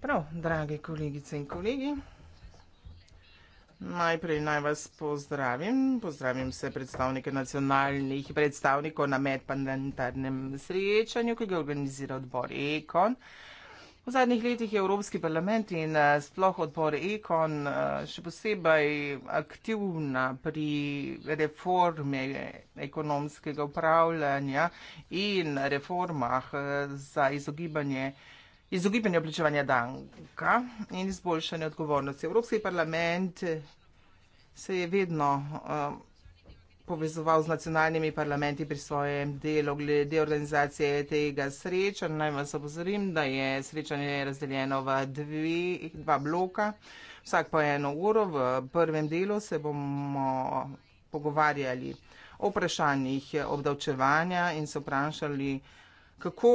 Prav, dragi kolegice in kolegi, najprej naj vas pozdravim. Pozdravim vse predstavnike nacionalnih predstavnikov na medparlamentarnem srečanju, ki ga organizira odbor Ekon. V zadnjih letih je Evropski parlament in eh, sploh odbor Ekon eh, še posebej aktivna pri reforme ekonomskega upravljanja in reformah eh, za izogibanje izogibanje obličevanja danka in izboljšanje odgovornosti. Evropski parlament se je vedno uh, povezoval z nacionalnimi parlamenti pri svojem delu glede organizacije tega srečanja. Naj vas opozorim, da je srečanje razdeljeno v dve, dva bloka, vsak po eno uro. V prvem delu se bomo pogovarjali o vprašanjih obdavčevanja in se vprašali, kako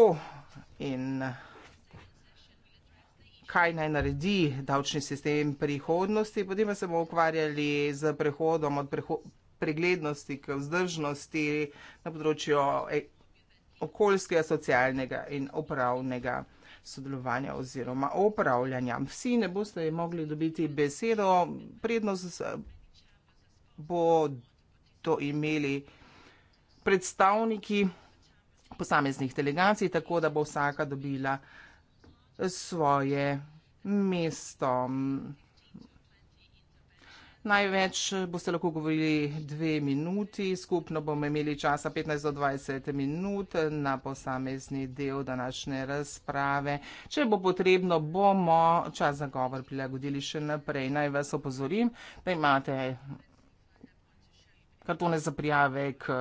in kaj naj naredi davčni sistem prihodnosti. Potem se bomo ukvarjali z prehodom od prehodnosti preglednosti, k vzdržnosti na področju e-, okoljskega, socialnega in upravnega sodelovanja oziroma upravljanja. Vsi ne boste mogli dobiti besedo, prednost bo to imeli predstavniki posameznih delegacij, tako da bo vsaka dobila svoje mesto. Največ eh, boste lahko govorili dve minuti, skupno bomo imeli časa 15 do 20 minut na posamezni del današnje razprave. Če bo potrebno, bomo čas za govor prilagodili še naprej. Naj vas opozorim, da imate kartone za prijave k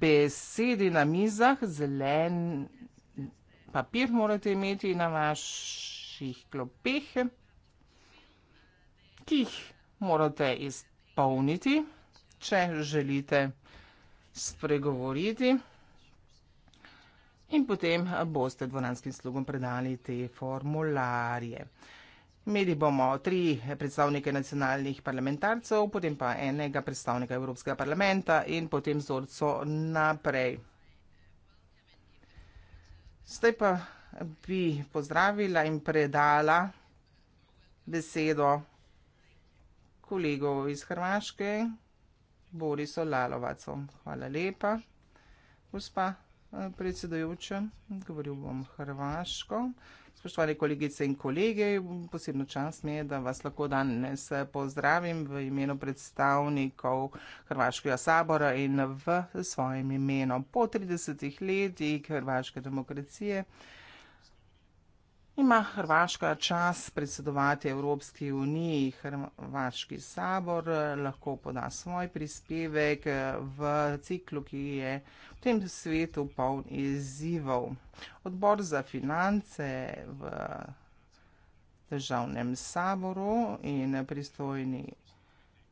besedi na mizah, zelen papir morate imeti na vaših klopeh, ki jih morate izpolniti, če želite spregovoriti. In potem boste dvoranskim slugom predali te formularje. Imeli bomo tri predstavnike nacionalnih parlamentarcev, potem pa enega predstavnika Evropskega parlamenta in potem vzorco naprej. Zdaj pa bi pozdravila in predala besedo kolegov iz Hrvaške, Boriso Lalovacom. Hvala lepa, gospa eh, predsedujoča, govoril bom Hrvaško. Spoštovani kolegice in kolege, posebno čas mi je, da vas lahko danes eh, pozdravim v imenu predstavnikov Hrvaškega sabora in v svojem imenu. Po 30 letih hrvaške demokracije ima Hrvaška čas predsedovati Evropski uniji, Hrvaški sabor eh, lahko poda svoj prispevek eh, v ciklu, ki je v tem svetu poln izzivov. Odbor za finance v državnem saboru in pristojni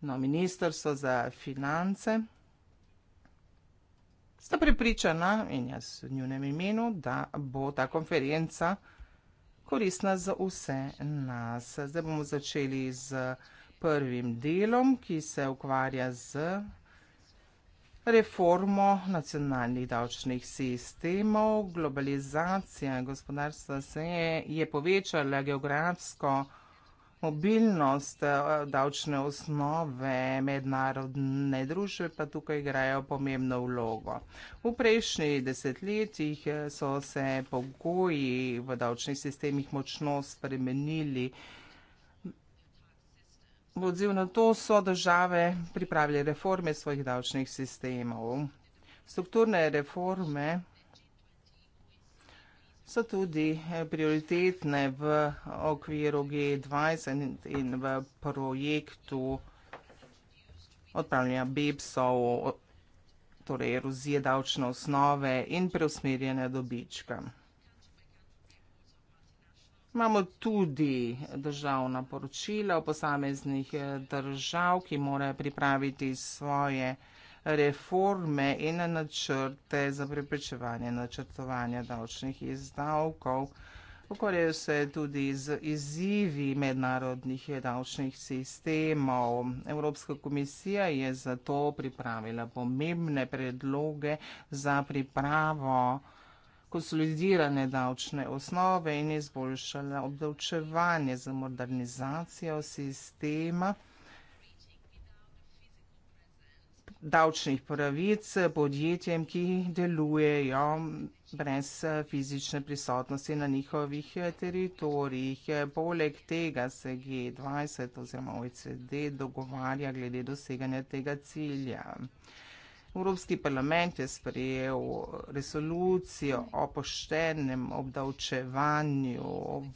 no, ministrstvo za finance sta pripričana in jaz v njunem imenu, da bo ta konferenca koristna za vse nas. Zdaj bomo začeli z prvim delom, ki se ukvarja z reformo nacionalnih davčnih sistemov. Globalizacija gospodarstva se je, je povečala geografsko mobilnost eh, davčne osnove mednarodne družbe pa tukaj igrajo pomembno vlogo. V prejšnjih desetletjih eh, so se pogoji v davčnih sistemih močno spremenili. V odziv na to so države pripravile reforme svojih davčnih sistemov. Strukturne reforme so tudi eh, prioritetne v okviru G20 in v projektu odpravljanja BEPS-ov, torej erozije davčne osnove in preusmerjene dobička. Imamo tudi državna poročila v posameznih eh, držav, ki morajo pripraviti svoje državne poročila reforme in načrte za preprečevanje načrtovanja davčnih izdavkov. Ukvarjajo se tudi z izzivi mednarodnih davčnih sistemov. Evropska komisija je zato pripravila pomembne predloge za pripravo konsolidirane davčne osnove in izboljšala obdavčevanje za modernizacijo sistema. davčnih pravic podjetjem, ki delujejo brez fizične prisotnosti na njihovih teritorijih. Poleg tega se G20 oziroma OECD dogovarja glede doseganja tega cilja. Evropski parlament je sprejel resolucijo o poštenem obdavčevanju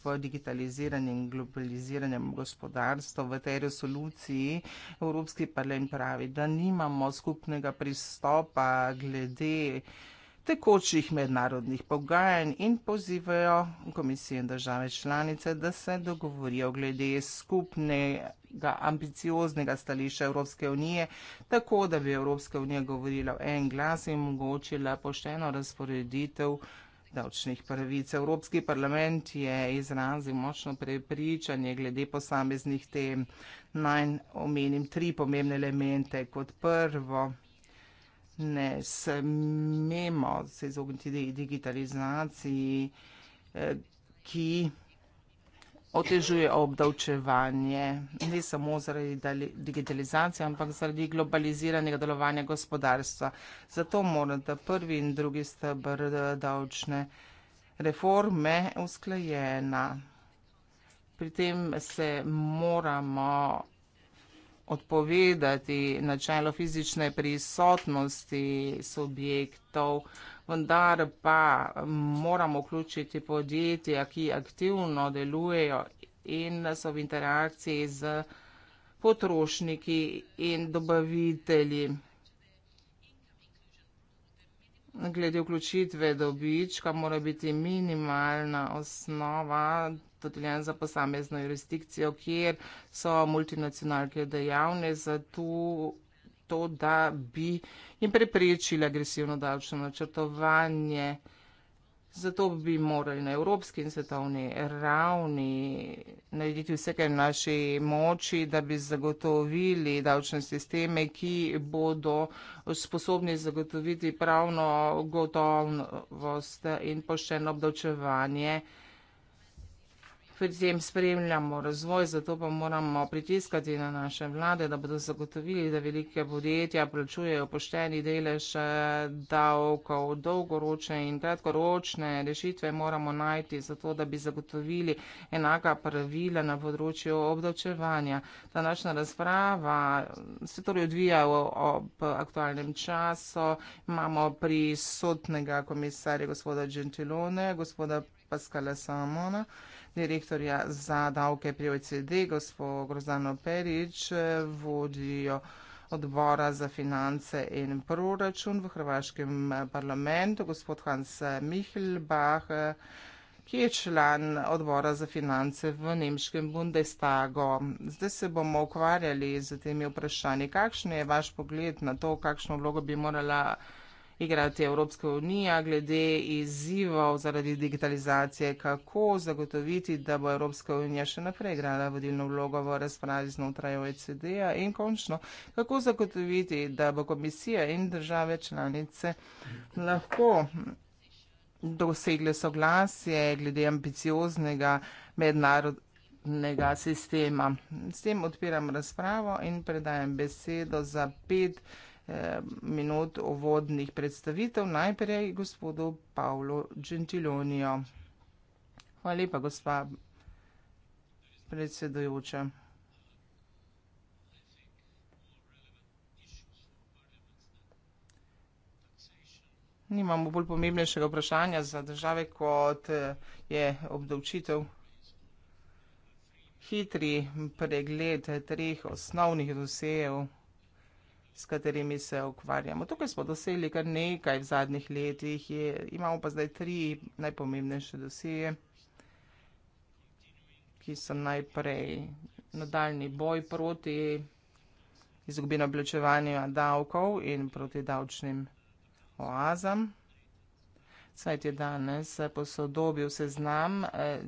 v digitaliziranem in globaliziranem gospodarstvu. V tej resoluciji Evropski parlament pravi, da nimamo skupnega pristopa glede tekočih mednarodnih pogajanj in pozivajo komisije in države članice, da se dogovorijo glede skupnega ambicioznega stališča Evropske unije, tako da bi Evropska unija govorila v en glas in omogočila pošteno razporeditev davčnih pravic. Evropski parlament je izrazil močno prepričanje glede posameznih tem. Naj omenim tri pomembne elemente. Kot prvo, ne smemo se izogniti digitalizaciji, eh, ki otežuje obdavčevanje, ne samo zaradi digitalizacije, ampak zaradi globaliziranega delovanja gospodarstva. Zato morate prvi in drugi stebr eh, davčne reforme usklajena. Pri tem se moramo odpovedati načelo fizične prisotnosti subjektov, vendar pa moramo vključiti podjetja, ki aktivno delujejo in so v interakciji z potrošniki in dobavitelji. Glede vključitve dobička mora biti minimalna osnova podeljen za posamezno jurisdikcijo, kjer so multinacionalke dejavne za to, to da bi jim preprečili agresivno davčno načrtovanje. Zato bi morali na evropski in svetovni ravni narediti vse, kar je v naši moči, da bi zagotovili davčne sisteme, ki bodo sposobni zagotoviti pravno gotovnost in pošteno obdavčevanje pri tem spremljamo razvoj, zato pa moramo pritiskati na naše vlade, da bodo zagotovili, da velike podjetja plačujejo pošteni delež eh, davkov, dolgoročne in kratkoročne rešitve moramo najti, zato da bi zagotovili enaka pravila na področju obdavčevanja. Ta naša razprava eh, se torej odvija ob aktualnem času, imamo prisotnega komisarja gospoda Gentilone, gospoda Paskala Samona direktorja za davke pri OECD, gospod Grozano Perič, vodijo odbora za finance in proračun v hrvaškem eh, parlamentu, gospod Hans eh, Michelbach, eh, ki je član odbora za finance v nemškem Bundestagu. Zdaj se bomo ukvarjali z temi vprašanji. Kakšen je vaš pogled na to, kakšno vlogo bi morala igrati Evropska unija glede izzivov zaradi digitalizacije, kako zagotoviti, da bo Evropska unija še naprej igrala vodilno vlogo v razpravi znotraj OECD-ja in končno, kako zagotoviti, da bo komisija in države članice lahko dosegle soglasje glede ambicioznega mednarodnega sistema. S tem odpiram razpravo in predajam besedo za pet minut uvodnih predstavitev, najprej gospodu Pavlu Gentilonijo. Hvala lepa, gospa predsedujoča. Nimamo bolj pomembnejšega vprašanja za države, kot eh, je obdavčitev. Hitri pregled treh osnovnih dosejev s katerimi se ukvarjamo. Tukaj smo doseli kar nekaj v zadnjih letih, je, imamo pa zdaj tri najpomembnejše dosije, ki so najprej nadaljni boj proti izgubino oblečevanja davkov in proti davčnim oazam. Saj je danes eh, posodobil seznam eh,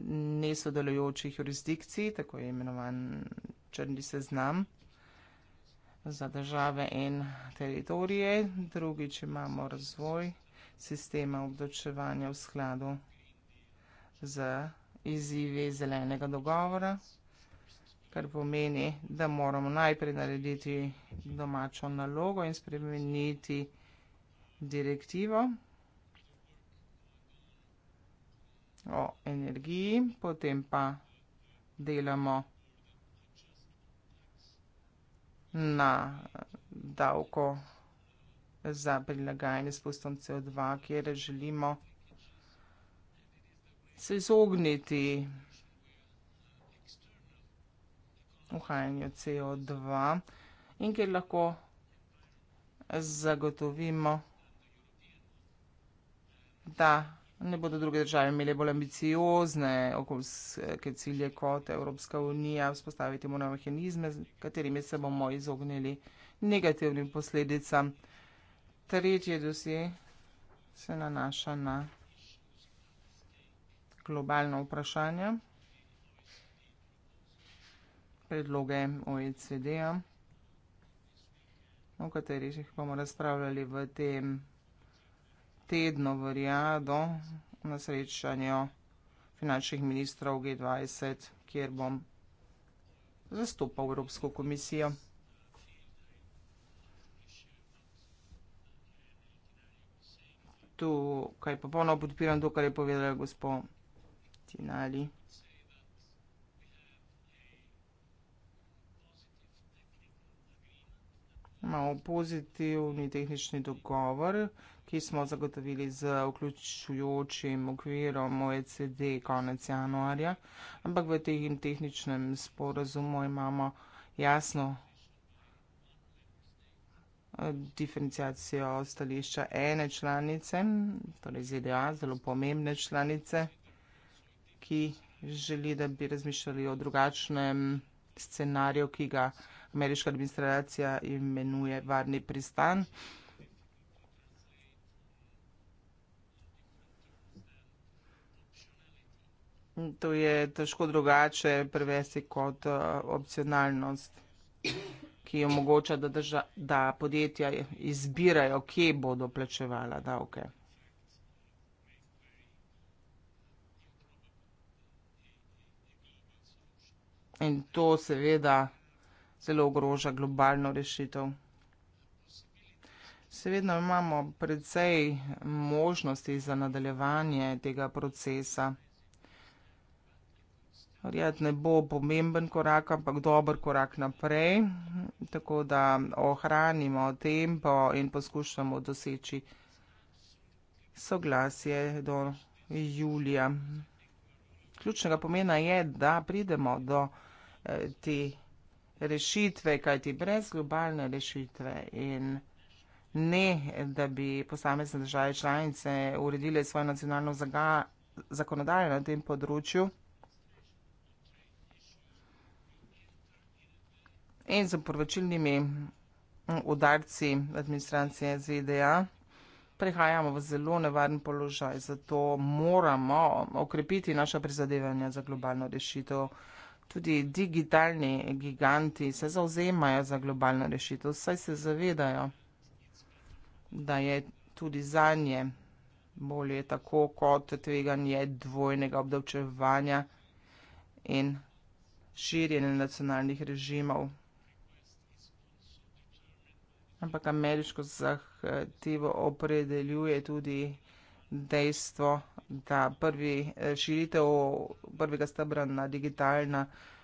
nesodelujočih jurisdikcij, tako imenovan črni seznam za države in teritorije, drugič imamo razvoj sistema obdočevanja v skladu z izzivi zelenega dogovora, kar pomeni, da moramo najprej narediti domačo nalogo in spremeniti direktivo o energiji, potem pa delamo na davko za prilagajanje s postom CO2, kjer želimo se izogniti uhajanju CO2 in kjer lahko zagotovimo, da Ne bodo druge države imele bolj ambiciozne okoljske cilje kot Evropska unija, vzpostaviti moramo mehanizme, z katerimi se bomo izognili negativnim posledicam. Tretje dosje se nanaša na globalno vprašanje, predloge OECD-a, o katerih bomo razpravljali v tem tedno v Rijadu na srečanju finančnih ministrov G20, kjer bom zastopal Evropsko komisijo. Tukaj popolno podpiram to, kar je povedala gospod Tinali. Imamo pozitivni tehnični dogovor, ki smo zagotovili z vključujočim okvirom OECD konec januarja, ampak v tem tehničnem sporazumu imamo jasno eh, diferencijacijo stališča ene članice, torej ZDA, zelo pomembne članice, ki želi, da bi razmišljali o drugačnem scenariju, ki ga ameriška administracija imenuje varni pristan. To je težko drugače prevesti kot uh, opcionalnost, ki omogoča, da, drža, da podjetja izbirajo, kje bodo plačevala davke. In to seveda zelo ogroža globalno rešitev. Seveda imamo predvsej možnosti za nadaljevanje tega procesa. Verjetno ne bo pomemben korak, ampak dober korak naprej, tako da ohranimo tempo in poskušamo doseči soglasje do julija. Ključnega pomena je, da pridemo do eh, te rešitve, kajti brez globalne rešitve in ne, da bi posamezne države članice uredile svojo nacionalno zaga, zakonodajo na tem področju. in z oporočilnimi mm, udarci administracije ZDA. Prehajamo v zelo nevaren položaj, zato moramo okrepiti naša prizadevanja za globalno rešitev. Tudi digitalni giganti se zauzemajo za globalno rešitev, saj se zavedajo, da je tudi za nje bolje tako kot tveganje dvojnega obdavčevanja in širjenja nacionalnih režimov. Ampak ameriško zahtevo opredeljuje tudi dejstvo, da prvi eh, širitev prvega stebra na digitalna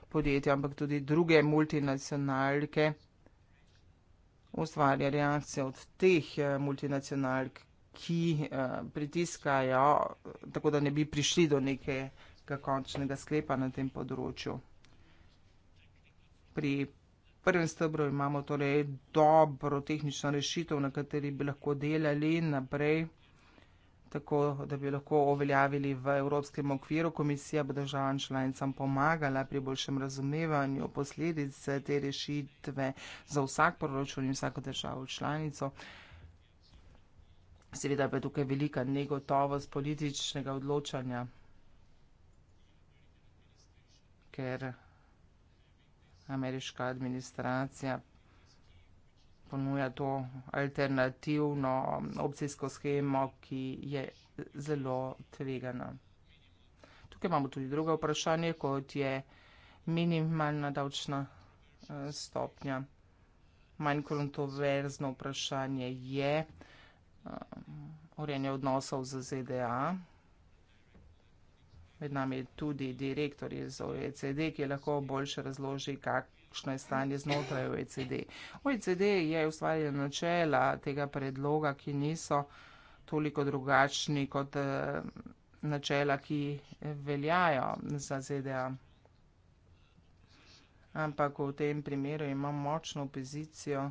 podjetja, ampak tudi druge multinacionalke ustvarja reakcije od teh eh, multinacionalk, ki eh, pritiskajo, tako da ne bi prišli do nekega končnega sklepa na tem področju. Pri prvem stebru imamo torej dobro tehnično rešitev, na kateri bi lahko delali naprej, tako da bi lahko uveljavili v evropskem okviru. Komisija bo državam članicam pomagala pri boljšem razumevanju posledice te rešitve za vsak proračun in vsako državo članico. Seveda pa je tukaj velika negotovost političnega odločanja, ker ameriška administracija ponuja to alternativno opcijsko schemo, ki je zelo tvegana. Tukaj imamo tudi drugo vprašanje, kot je minimalna davčna e, stopnja. Manj kontroverzno vprašanje je e, urejanje odnosov z ZDA med nami tudi direktor iz OECD, ki lahko boljše razloži, kakšno je stanje znotraj OECD. OECD je ustvarjal načela tega predloga, ki niso toliko drugačni kot eh, načela, ki veljajo za ZDA. Ampak v tem primeru imamo močno opozicijo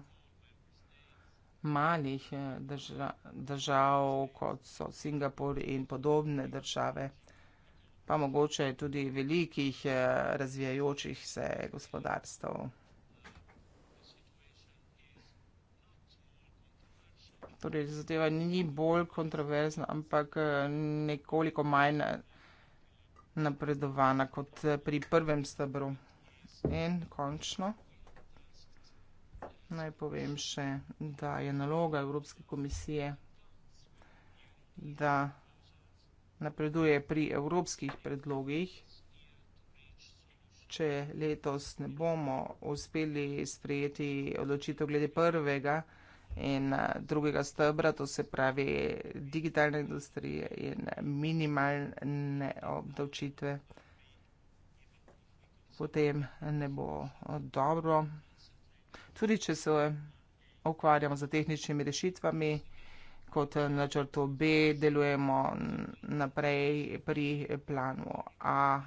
malih eh, držav, kot so Singapur in podobne države pa mogoče tudi velikih eh, razvijajočih se gospodarstv. Torej, zadeva ni bolj kontroverzna, ampak eh, nekoliko manj eh, napredovana kot pri prvem stebru. In končno naj povem še, da je naloga Evropske komisije, da napreduje pri evropskih predlogih. Če letos ne bomo uspeli sprejeti odločitev glede prvega in drugega stebra, to se pravi digitalne industrije in minimalne obdavčitve, potem ne bo dobro. Tudi če se ukvarjamo z tehničnimi rešitvami, kot načrtu B, delujemo naprej pri planu A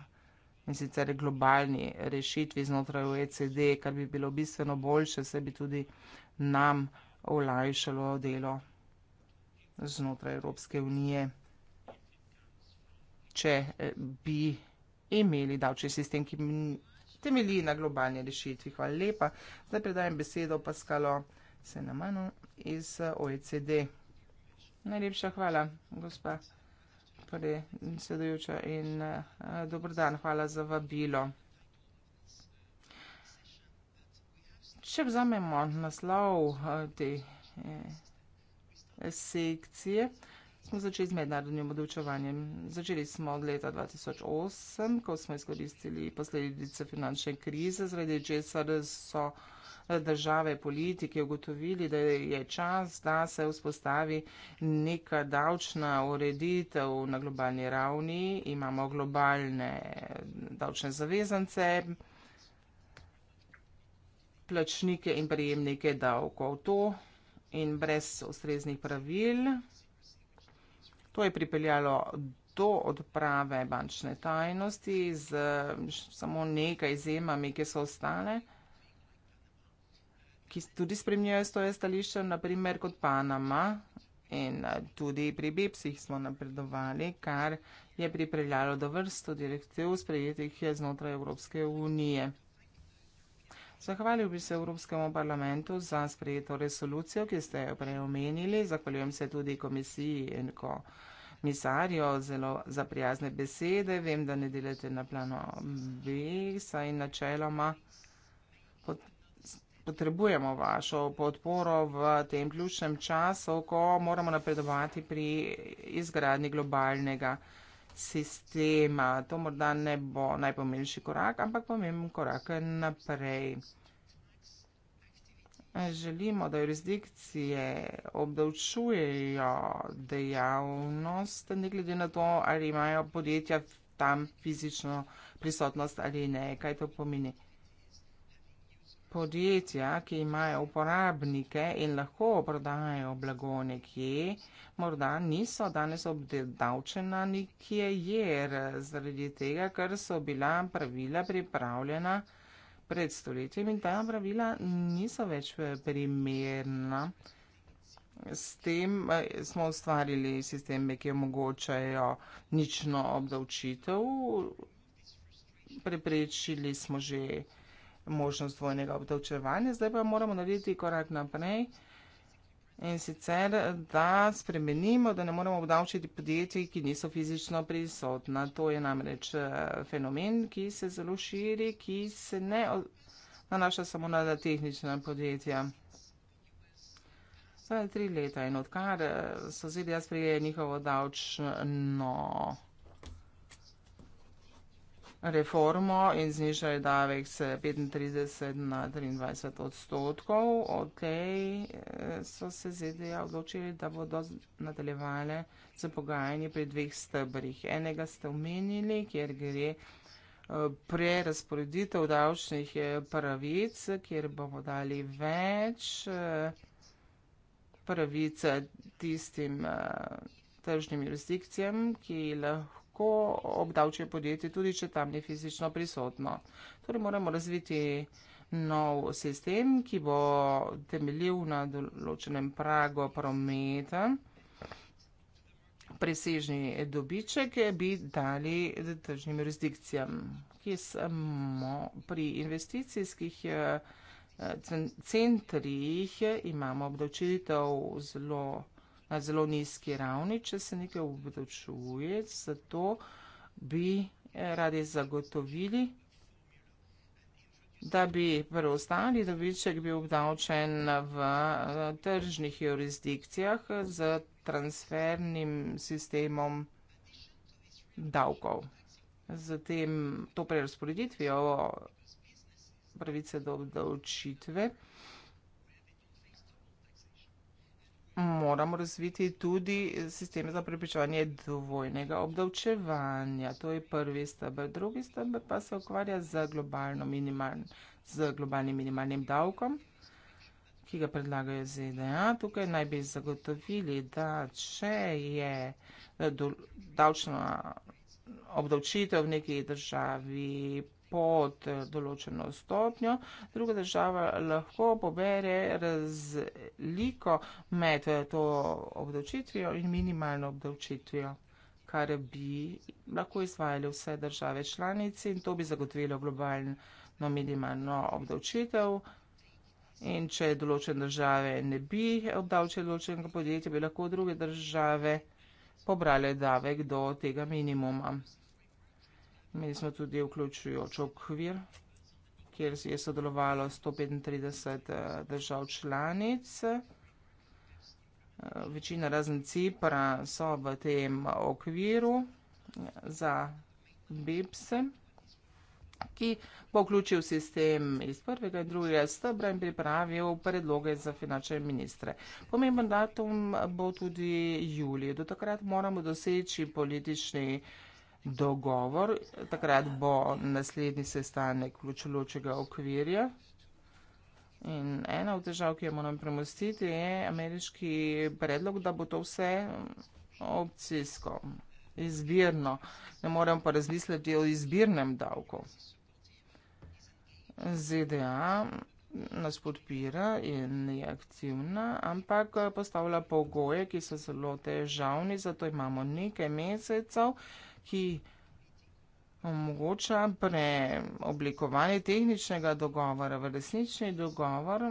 in sicer globalni rešitvi znotraj OECD, kar bi bilo bistveno boljše, se bi tudi nam olajšalo delo znotraj Evropske unije, če eh, bi imeli davčni sistem, ki temelji na globalni rešitvi. Hvala lepa. Zdaj predajem besedo Paskalo Senamanu iz eh, OECD. Najlepša hvala, gospa predsedujoča in uh, dober dan, hvala za vabilo. Če vzamemo naslov uh, te eh, sekcije, smo začeli z mednarodnim odučevanjem. Začeli smo od leta 2008, ko smo izkoristili posledice finančne krize, zaradi česar so države politiki ugotovili, da je čas, da se vzpostavi neka davčna ureditev na globalni ravni. Imamo globalne davčne zavezance, plačnike in prejemnike davkov. To in brez ustreznih pravil. To je pripeljalo do odprave bančne tajnosti z samo nekaj izjemami, ki so ostale ki tudi spremljajo svoje stališče, naprimer kot Panama. In eh, tudi pri BIPS-ih smo napredovali, kar je pripeljalo do vrsto direktiv sprejetih znotraj Evropske unije. Zahvalil bi se Evropskemu parlamentu za sprejeto resolucijo, ki ste jo prej omenili. Zahvaljujem se tudi komisiji in komisarju zelo za prijazne besede. Vem, da ne delate na plano B, saj načeloma potrebujemo vašo podporo v tem ključnem času, ko moramo napredovati pri izgradni globalnega sistema. To morda ne bo najpomembnejši korak, ampak pomemben korak naprej. Želimo, da jurisdikcije obdavčujejo dejavnost, ne glede na to, ali imajo podjetja tam fizično prisotnost ali ne. Kaj to pomeni? podjetja, ki imajo uporabnike in lahko prodajajo blago nekje, morda niso danes obdavčena nikjer, jer zaradi tega, ker so bila pravila pripravljena pred stoletjem in ta pravila niso več eh, primerna. S tem eh, smo ustvarili sisteme, ki omogočajo nično obdavčitev. Preprečili smo že možnost dvojnega obdavčevanja. Zdaj pa moramo narediti korak naprej in sicer, da spremenimo, da ne moramo obdavčiti podjetij, ki niso fizično prisotna. To je namreč eh, fenomen, ki se zelo širi, ki se ne nanaša samo na tehnične podjetja. To je tri leta in odkar eh, so ZDA sprejeli njihovo davčno reformo in znižali davek s 35 na 23 odstotkov. Od tej eh, so se ZDA odločili, da bodo nadaljevali z pogajanji pri dveh stebrih. Enega ste omenili, kjer gre eh, prerasporeditev davčnih eh, pravic, kjer bomo dali več pravice tistim tržnim jurisdikcijam, ki lahko lahko obdavčuje podjetje, tudi če tam ni fizično prisotno. Torej moramo razviti nov sistem, ki bo temeljil na določenem pragu prometa. Presežni dobiček bi dali tržnim jurisdikcijam, ki smo pri investicijskih eh, centrih imamo obdavčitev zelo zelo nizki ravni, če se nekaj obdavčuje, zato bi eh, radi zagotovili, da bi preostali dobiček bil obdavčen v eh, tržnih jurisdikcijah z transfernim sistemom davkov. Zatem to prerasporeditvijo pravice do obdavčitve moramo razviti tudi sistem za preprečevanje dvojnega obdavčevanja. To je prvi stebr. Drugi stebr pa se ukvarja z, globalno minimal, z globalnim minimalnim davkom, ki ga predlagajo ZDA. Tukaj naj bi zagotovili, da če je eh, davčna obdavčitev v neki državi pod eh, določeno stopnjo. Druga država lahko pobere razliko med eh, to obdavčitvijo in minimalno obdavčitvijo kar bi lahko izvajali vse države članice in to bi zagotovilo globalno minimalno obdavčitev. In če določene države ne bi obdavčile določenega podjetja, bi lahko druge države pobrale davek do tega minimuma. Imeli smo tudi vključujoč okvir, kjer je sodelovalo 135 eh, držav članic. Eh, večina razen Cipra so v tem okviru eh, za BIPS-e, ki bo vključil sistem iz prvega in drugega stebra in pripravil predloge za finančne ministre. Pomemben datum bo tudi julij. Do takrat moramo doseči politični dogovor dogovor. Takrat bo naslednji sestanek vključujočega okvirja. In ena od težav, ki jo moram premostiti, je ameriški predlog, da bo to vse opcijsko, izbirno. Ne morem pa razmisliti o izbirnem davku. ZDA nas podpira in je aktivna, ampak postavlja pogoje, ki so zelo težavni, zato imamo nekaj mesecev, ki omogoča preoblikovanje tehničnega dogovora v resnični dogovor.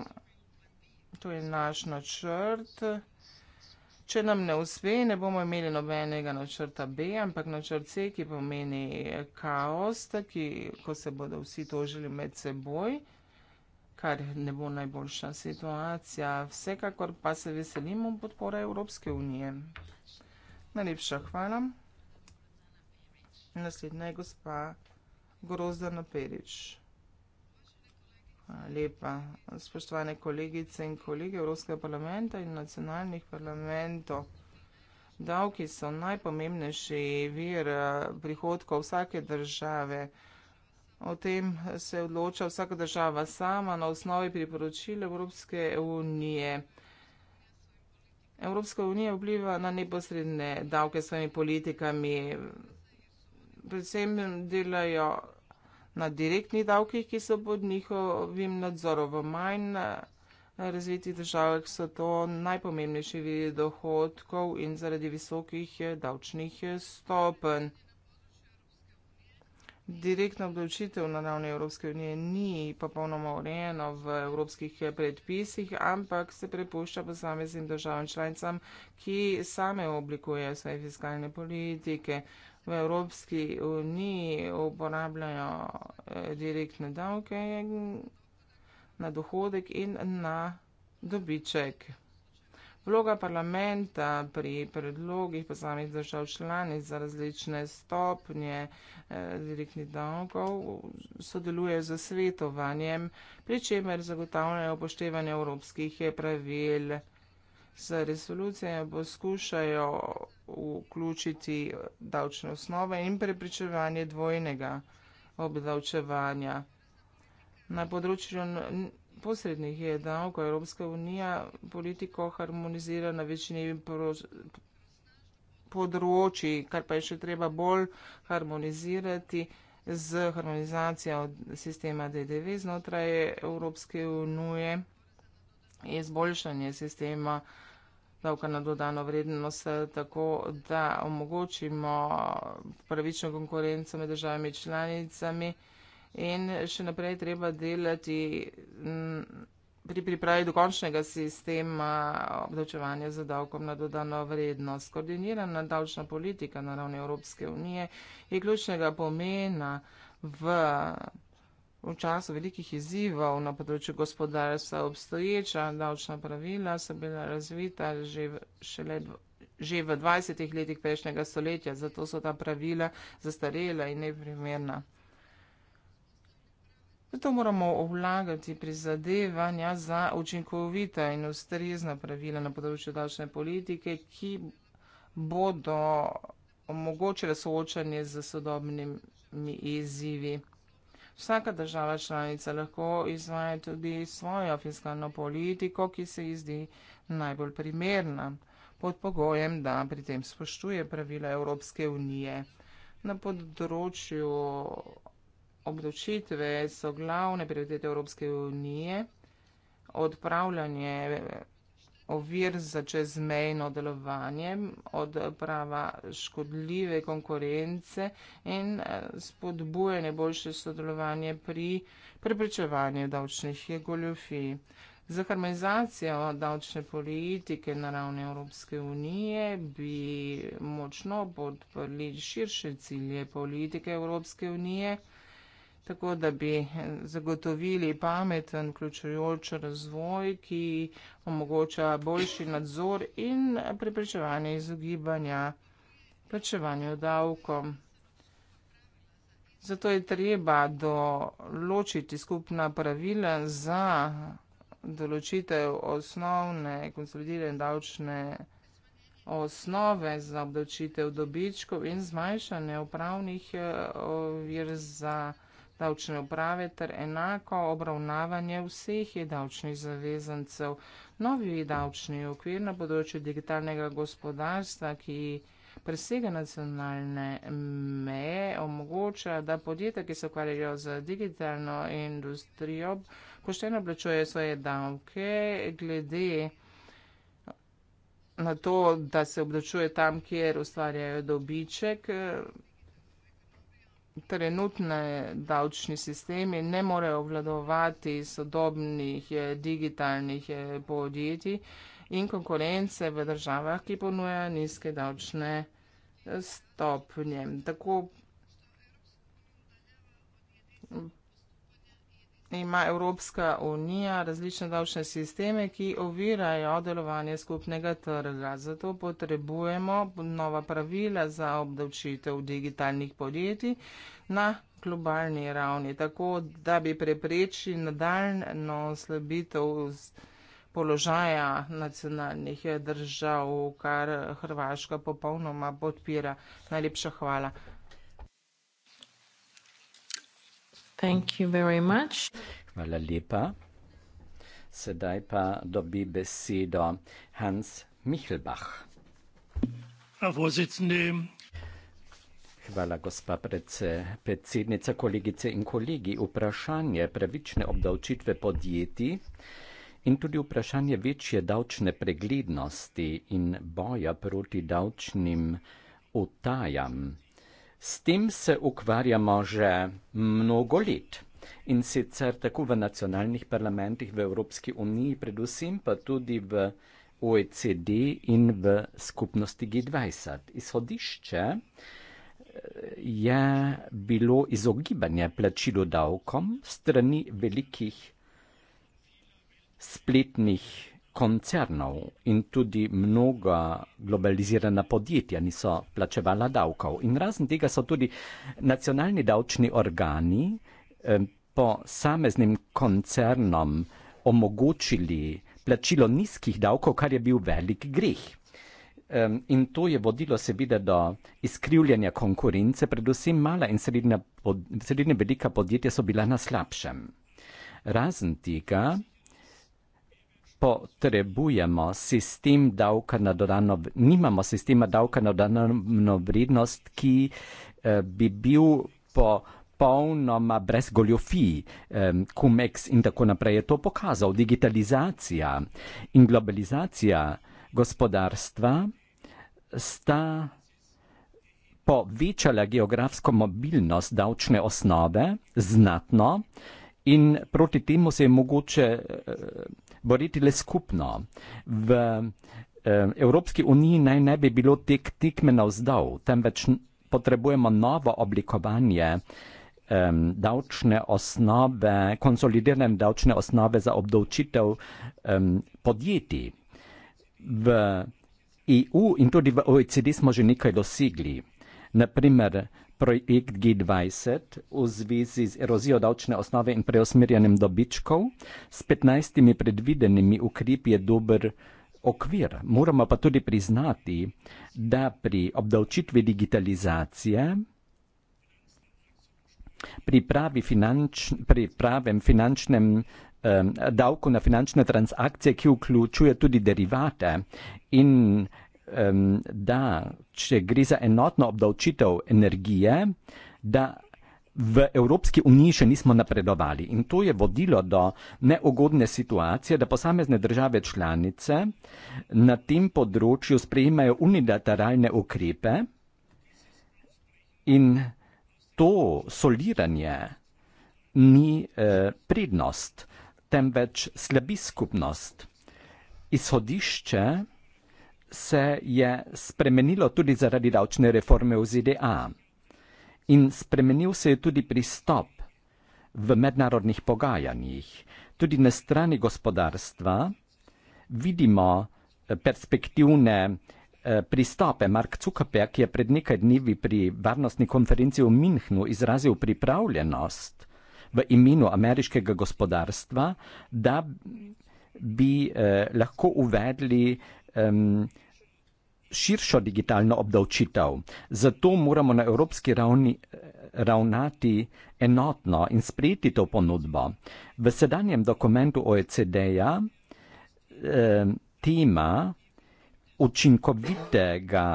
To je naš načrt. Če nam ne uspe, ne bomo imeli nobenega načrta B, ampak načrt C, ki pomeni kaos, ki, ko se bodo vsi tožili med seboj, kar ne bo najboljša situacija. Vsekakor pa se veselimo podpore Evropske unije. Najlepša hvala. Naslednja je gospa Grozdano Perič. Lepa. Spoštovane kolegice in kolege Evropskega parlamenta in nacionalnih parlamentov, davki so najpomembnejši vir eh, prihodkov vsake države. O tem se odloča vsaka država sama na osnovi priporočil Evropske unije. Evropska unija vpliva na neposredne davke s svojimi politikami predvsem delajo na direktnih davkih, ki so pod njihovim nadzorom v manj eh, razvitih državah, so to najpomembnejši vidi dohodkov in zaradi visokih eh, davčnih eh, stopenj. Direktna obdavčitev na ravni Evropske unije ni popolnoma urejena v evropskih predpisih, ampak se prepušča posameznim državam članicam, ki same oblikujejo svoje fiskalne politike v Evropski uniji uporabljajo eh, direktne davke na dohodek in na dobiček. Vloga parlamenta pri predlogih posameznih držav članic za različne stopnje eh, direktnih davkov sodeluje z svetovanjem, pri čemer zagotavljajo upoštevanje evropskih pravil. Z resolucijo poskušajo vključiti eh, davčne osnove in prepričevanje dvojnega obdavčevanja. Na področju posrednih je davko Evropska unija politiko harmonizira na večini področji, kar pa je še treba bolj harmonizirati z harmonizacijo sistema DDV znotraj Evropske unije, izboljšanje sistema DDV davka na dodano vrednost, tako da omogočimo pravično konkurenco med državami članicami in še naprej treba delati mm, pri pripravi dokončnega sistema obdavčevanja za davkom na dodano vrednost. Koordinirana davčna politika na ravni Evropske unije je ključnega pomena v v času velikih izzivov na področju gospodarstva obstoječa davčna pravila so bila razvita že v, šele dv, že v 20. letih prejšnjega stoletja, zato so ta pravila zastarela in neprimerna. Zato moramo oblagati prizadevanja za učinkovita in ustrezna pravila na področju davčne politike, ki bodo omogočile soočanje z sodobnimi izzivi. Vsaka država članica lahko izvaja tudi svojo fiskalno politiko, ki se ji zdi najbolj primerna, pod pogojem, da pri tem spoštuje pravila Evropske unije. Na področju obdočitve so glavne prioritete Evropske unije odpravljanje ovir za čezmejno delovanje, odprava škodljive konkurence in eh, spodbujanje boljše sodelovanje pri preprečevanju davčnih goljofij. Za harmonizacijo davčne politike na ravni Evropske unije bi močno podprli širše cilje politike Evropske unije tako da bi zagotovili pameten, vključujoč razvoj, ki omogoča boljši nadzor in preprečevanje izogibanja plačevanju davkom. Zato je treba določiti skupna pravila za določitev osnovne konsolidirane davčne osnove za obdavčitev dobičkov in zmanjšanje upravnih eh, vir za davčne uprave ter enako obravnavanje vseh je davčnih zavezancev. Novi davčni okvir na področju digitalnega gospodarstva, ki presega nacionalne meje, omogoča, da podjetja, ki se ukvarjajo z digitalno industrijo, pošteno plačujejo svoje davke glede na to, da se obdačuje tam, kjer ustvarjajo dobiček trenutne davčni sistemi ne morejo obvladovati sodobnih eh, digitalnih eh, podjetij in konkurence v državah, ki ponujajo nizke davčne eh, stopnje. Tako ima Evropska unija različne davčne sisteme, ki ovirajo delovanje skupnega trga. Zato potrebujemo nova pravila za obdavčitev digitalnih podjetij na globalni ravni, tako da bi preprečili nadaljno slabitev položaja nacionalnih držav, kar Hrvaška popolnoma podpira. Najlepša hvala. Thank you very much. Hvala lepa. Sedaj pa dobi besedo Hans Michelbach. Hvala, gospa predsednica, kolegice in kolegi. Vprašanje pravične obdavčitve podjetij in tudi vprašanje večje davčne preglednosti in boja proti davčnim utajam S tem se ukvarjamo že mnogo let in sicer tako v nacionalnih parlamentih, v Evropski uniji, predvsem pa tudi v OECD in v skupnosti G20. Izhodišče eh, je bilo izogibanje plačilu davkom strani velikih spletnih koncernov in tudi mnoga globalizirana podjetja niso plačevala davkov. In razen tega so tudi nacionalni davčni organi po sameznim koncernom omogočili plačilo nizkih davkov, kar je bil velik greh. In to je vodilo seveda do izkrivljanja konkurence, predvsem mala in srednja, srednja velika podjetja so bila na slabšem. Razen tega, potrebujemo sistem davka na dodano, nimamo sistema davka na dodano vrednost, ki eh, bi bil po polnoma brez goljofij, kumex in tako naprej je to pokazal. Digitalizacija in globalizacija gospodarstva sta povečala geografsko mobilnost davčne osnove znatno in proti temu se je mogoče eh, boriti le skupno. V eh, Evropski uniji naj ne bi bilo tek tekme na vzdolj, temveč potrebujemo novo oblikovanje davčne osnove, konsolidirane davčne osnove za obdavčitev um, podjetij. V EU in tudi v OECD smo že nekaj dosegli. Naprimer, projekt G20 v zvezi z erozijo davčne osnove in preusmerjanjem dobičkov s 15 predvidenimi ukrepi je dober. Okvir. Moramo pa tudi priznati, da pri obdavčitvi digitalizacije, pri pravi finanč, pri pravem finančnem eh, davku na finančne transakcije, ki vključuje tudi derivate in um, da če gre za enotno obdavčitev energije, da v Evropski uniji še nismo napredovali. In to je vodilo do neugodne situacije, da posamezne države članice na tem področju sprejemajo unilateralne ukrepe in to soliranje ni eh, prednost, temveč slabi skupnost. Izhodišče se je spremenilo tudi zaradi davčne reforme v ZDA. In spremenil se je tudi pristop v mednarodnih pogajanjih, tudi na strani gospodarstva. Vidimo eh, perspektivne eh, pristope. Mark Zuckerberg je pred nekaj dnevi pri varnostni konferenci v Münchnu izrazil pripravljenost v imenu ameriškega gospodarstva, da bi eh, lahko uvedli eh, širšo digitalno obdavčitev. Zato moramo na evropski ravni eh, ravnati enotno in sprejeti to ponudbo. V sedanjem dokumentu OECD-ja eh, tema učinkovitega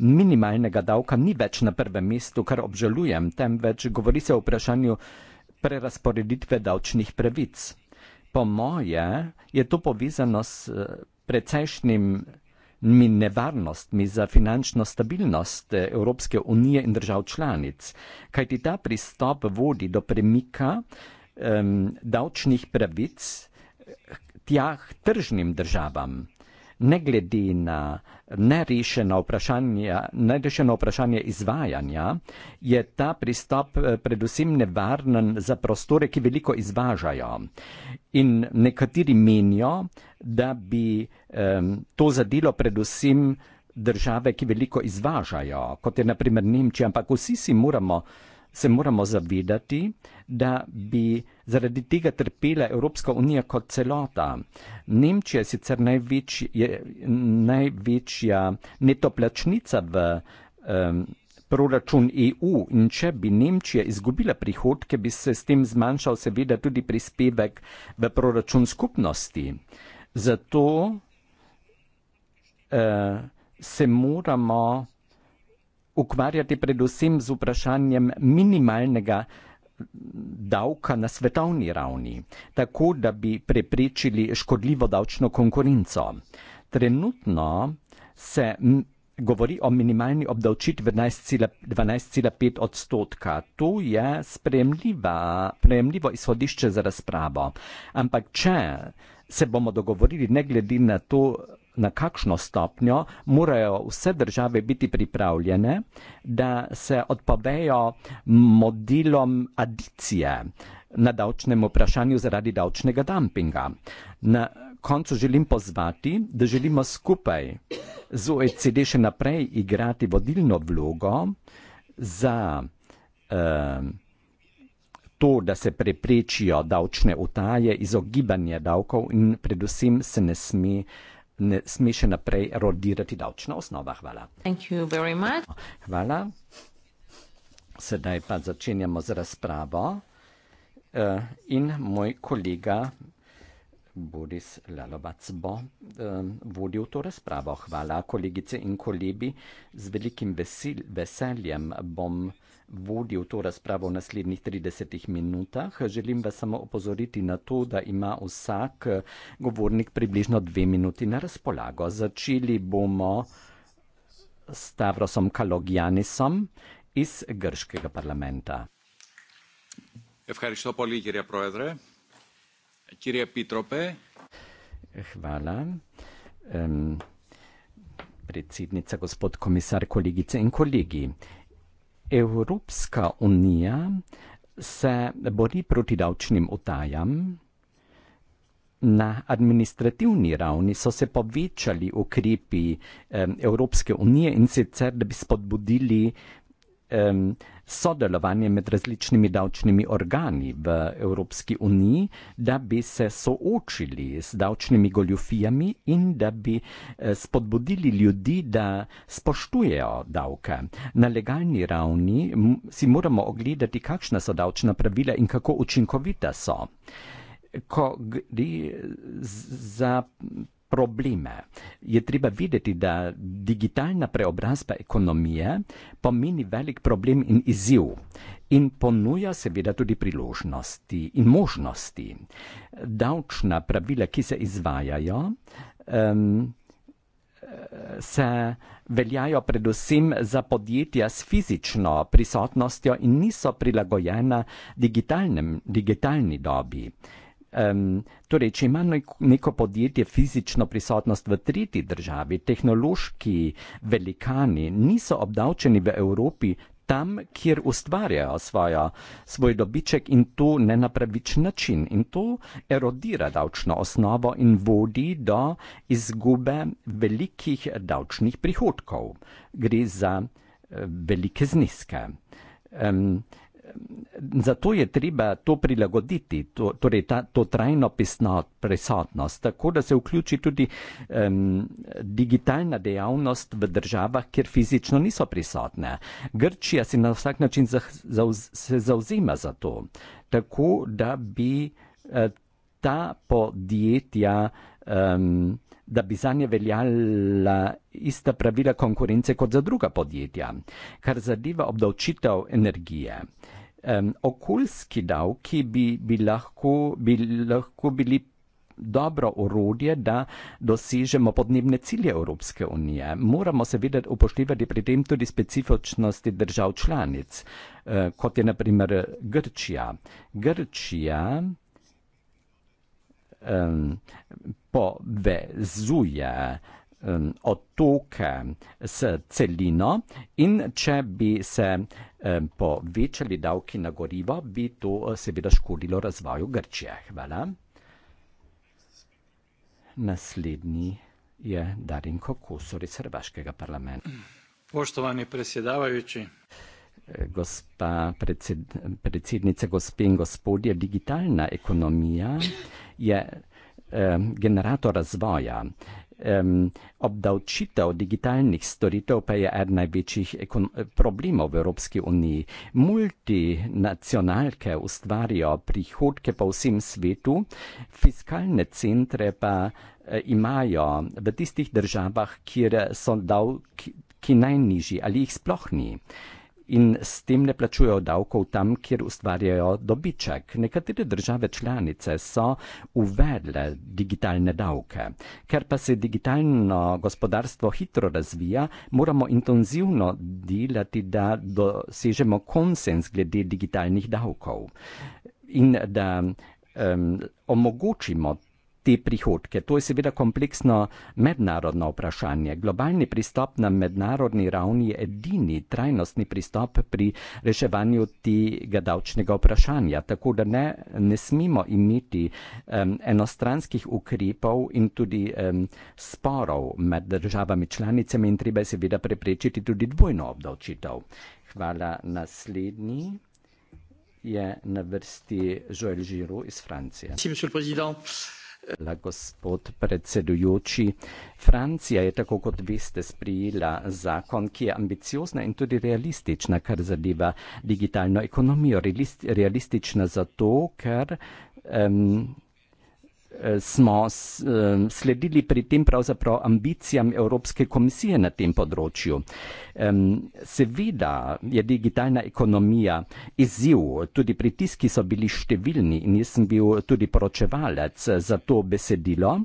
minimalnega davka ni več na prvem mestu, kar obžalujem, temveč govori se o vprašanju prerasporeditve davčnih pravic. Po moje je to povezano s eh, precejšnjim nekimi nevarnostmi za finančno stabilnost eh, Evropske unije in držav članic. Kaj ti ta pristop vodi do premika um, davčnih pravic tjah tržnim državam? Ne glede na nerešeno vprašanje, vprašanje izvajanja, je ta pristop eh, predvsem nevaren za prostore, ki veliko izvažajo. In nekateri menijo, da bi um, to zadelo predvsem države, ki veliko izvažajo, kot je naprimer Nemčija, ampak vsi si moramo, se moramo zavedati, da bi zaradi tega trpela Evropska unija kot celota. Nemčija je sicer največ, je, največja netoplačnica v. Um, proračun EU in če bi Nemčija izgubila prihodke, bi se s tem zmanjšal seveda tudi prispevek v proračun skupnosti. Zato eh, se moramo ukvarjati predvsem z vprašanjem minimalnega davka na svetovni ravni, tako da bi preprečili škodljivo davčno konkurenco. Trenutno se govori o minimalni obdavčitvi 12,5 odstotka. Tu je spremljivo izhodišče za razpravo. Ampak če se bomo dogovorili, ne glede na to, na kakšno stopnjo, morajo vse države biti pripravljene, da se odpovejo modilom adicije na davčnem vprašanju zaradi davčnega dumpinga. Na, koncu želim pozvati, da želimo skupaj z OECD še naprej igrati vodilno vlogo za eh, to, da se preprečijo davčne utaje, izogibanje davkov in predvsem se ne sme, ne sme še naprej rodirati davčna osnova. Hvala. Hvala. Sedaj pa začenjamo z razpravo eh, in moj kolega Boris Lalovac bo eh, vodil to razpravo. Hvala, kolegice in kolegi. Z velikim vesil, veseljem bom vodil to razpravo v naslednjih 30 minutah. Želim vas samo opozoriti na to, da ima vsak govornik približno dve minuti na razpolago. Začeli bomo s Stavrosom Kalogianisom iz grškega parlamenta. Hvala, gospod predsednik. Hvala. Um, predsednica, gospod komisar, kolegice in kolegi. Evropska unija se bori proti davčnim utajam. Na administrativni ravni so se povečali ukrepi um, Evropske unije in sicer, da bi spodbudili um, sodelovanje med različnimi davčnimi organi v Evropski uniji, da bi se soočili z davčnimi goljofijami in da bi eh, spodbudili ljudi, da spoštujejo davke. Na legalni ravni si moramo ogledati, kakšna so davčna pravila in kako učinkovita so. Ko gre za probleme. Je treba videti, da digitalna preobrazba ekonomije pomeni velik problem in izziv in ponuja seveda tudi priložnosti in možnosti. Davčna pravila, ki se izvajajo, um, se veljajo predvsem za podjetja s fizično prisotnostjo in niso prilagojena digitalnem, digitalni dobi. Um, torej, če ima neko podjetje fizično prisotnost v tretji državi, tehnološki velikani niso obdavčeni v Evropi tam, kjer ustvarjajo svojo, svoj dobiček in to ne na pravičen način. In to erodira davčno osnovo in vodi do izgube velikih davčnih prihodkov. Gre za uh, velike zniske. Um, zato je treba to prilagoditi, to, torej ta, to trajno prisotnost, tako da se vključi tudi um, digitalna dejavnost v državah, kjer fizično niso prisotne. Grčija se na vsak način za, za, se zauzima za to, tako da bi uh, ta podjetja. Um, da bi za nje veljala ista pravila konkurence kot za druga podjetja. Kar zadeva obdavčitev energije, uh, um, okoljski davki bi, bi, lahko, bi lahko bili dobro orodje, da dosežemo podnebne cilje Evropske unije. Moramo seveda upoštevati pri tem tudi specifičnosti držav članic, uh, kot je naprimer Grčija. Grčija um, povezuje. Um, otoke s celino in če bi se um, povečali davki na gorivo, bi to uh, seveda škodilo razvoju Grčije. Hvala. Naslednji je Darinko Kusor iz Hrvaškega parlamenta. Poštovani predsedavajući. Gospa predsed, predsednica, gospe in gospodje, digitalna ekonomija je um, generator razvoja um, obdavčitev digitalnih storitev pa je eden največjih problemov v Evropski uniji. Multinacionalke ustvarjajo prihodke po vsem svetu, fiskalne centre pa uh, imajo v tistih državah, kjer so davki najnižji ali jih sploh ni in s tem ne plačujejo davkov tam, kjer ustvarjajo dobiček. Nekatere države članice so uvedle digitalne davke. Ker pa se digitalno gospodarstvo hitro razvija, moramo intenzivno delati, da dosežemo konsens glede digitalnih davkov in da um, omogočimo te prihodke. To je seveda kompleksno mednarodno vprašanje. Globalni pristop na mednarodni ravni je edini trajnostni pristop pri reševanju tega davčnega vprašanja. Tako da ne, ne smemo imeti um, enostranskih ukrepov in tudi um, sporov med državami članicami in treba je seveda preprečiti tudi dvojno obdavčitev. Hvala naslednji. Je na vrsti Joël Giraud iz Francije. Merci, la gospod predsedujoči. Francija je, tako kot veste, sprijela zakon, ki je ambiciozna in tudi realistična, kar zadeva digitalno ekonomijo. Realistična zato, ker. Um, Eh, smo eh, sledili pri tem pravzaprav ambicijam Evropske komisije na tem področju. Seveda je digitalna ekonomija izziv, tudi pritiski so bili številni in jaz sem bil tudi poročevalec za to besedilo.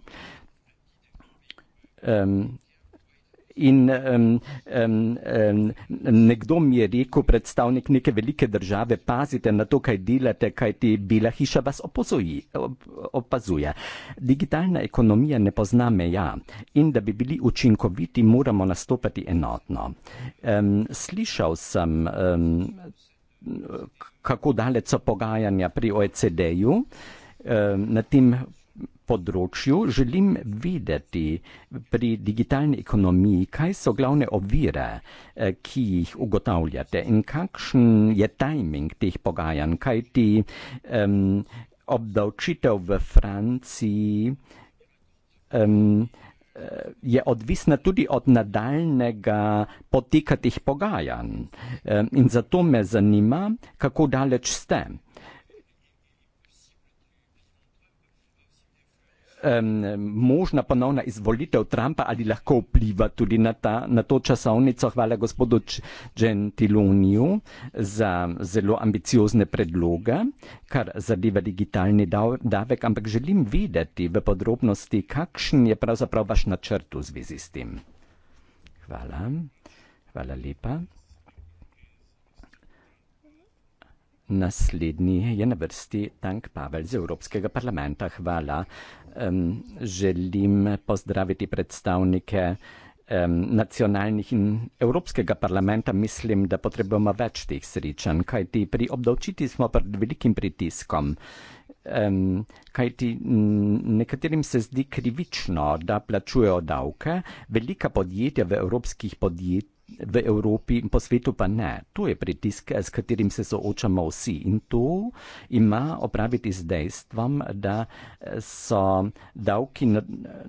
In um, um, um, nekdo mi je rekel, predstavnik neke velike države, pazite na to, kaj delate, kaj ti bila hiša vas opozoji, op, opazuje. Digitalna ekonomija ne pozna meja in da bi bili učinkoviti, moramo nastopati enotno. Um, slišal sem. Um, kako daleč so pogajanja pri OECD-ju na tem področju želim vedeti pri digitalni ekonomiji, kaj so glavne ovire, eh, ki jih ugotavljate in kakšen je timing teh pogajanj, kaj ti um, obdavčitev v Franciji um, je odvisna tudi od nadaljnega poteka teh pogajanj. Um, in zato me zanima, kako daleč ste. um, možna ponovna izvolitev Trumpa ali lahko vpliva tudi na, ta, na to časovnico. Hvala gospodu Gentiloniju za zelo ambiciozne predloge, kar zadeva digitalni davek, ampak želim vedeti v podrobnosti, kakšen je pravzaprav vaš načrt v zvezi s tem. Hvala. Hvala lepa. Naslednji je na vrsti Tank Pavel z Evropskega parlamenta. Hvala. Um, želim pozdraviti predstavnike um, nacionalnih in Evropskega parlamenta. Mislim, da potrebujemo več teh srečanj, kajti pri obdavčiti smo pred velikim pritiskom. Um, kaj ti nekaterim se zdi krivično, da plačujejo davke, velika podjetja v evropskih podjet, v Evropi in po svetu pa ne. To je pritisk, s katerim se soočamo vsi in to ima opraviti z dejstvom, da so davki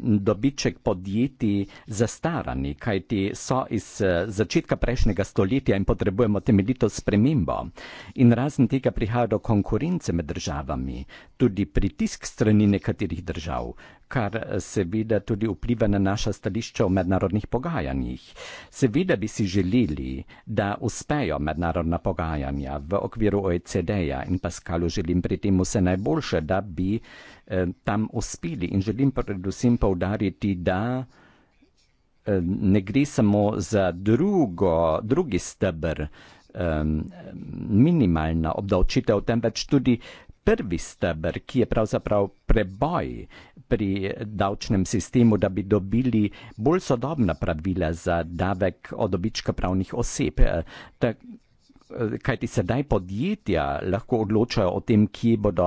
dobiček podjetij zastarani, kajti so iz začetka prejšnjega stoletja in potrebujemo temeljito spremembo. In razen tega prihaja do konkurence med državami, tudi pritisk strani nekaterih držav, kar seveda tudi vpliva na naša stališča v mednarodnih pogajanjih. Seveda bi si želeli, da uspejo mednarodna pogajanja v okviru OECD-ja in Paskalu želim pri tem vse najboljše, da bi eh, tam uspeli in želim predvsem povdariti, da eh, ne gre samo za drugo, drugi stebr, eh, minimalna obdavčitev, temveč tudi eh, prvi stebr, ki je pravzaprav preboj pri davčnem sistemu, da bi dobili bolj sodobna pravila za davek od dobička pravnih oseb. Tak, kajti sedaj podjetja lahko odločajo o tem, kje bodo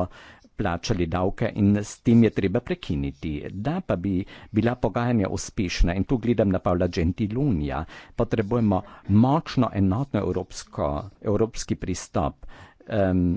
plačali davke in s tem je treba prekiniti. Da pa bi bila pogajanja uspešna in tu gledam na Pavla Gentilunija, potrebujemo močno enotno evropsko, evropski pristop. Um,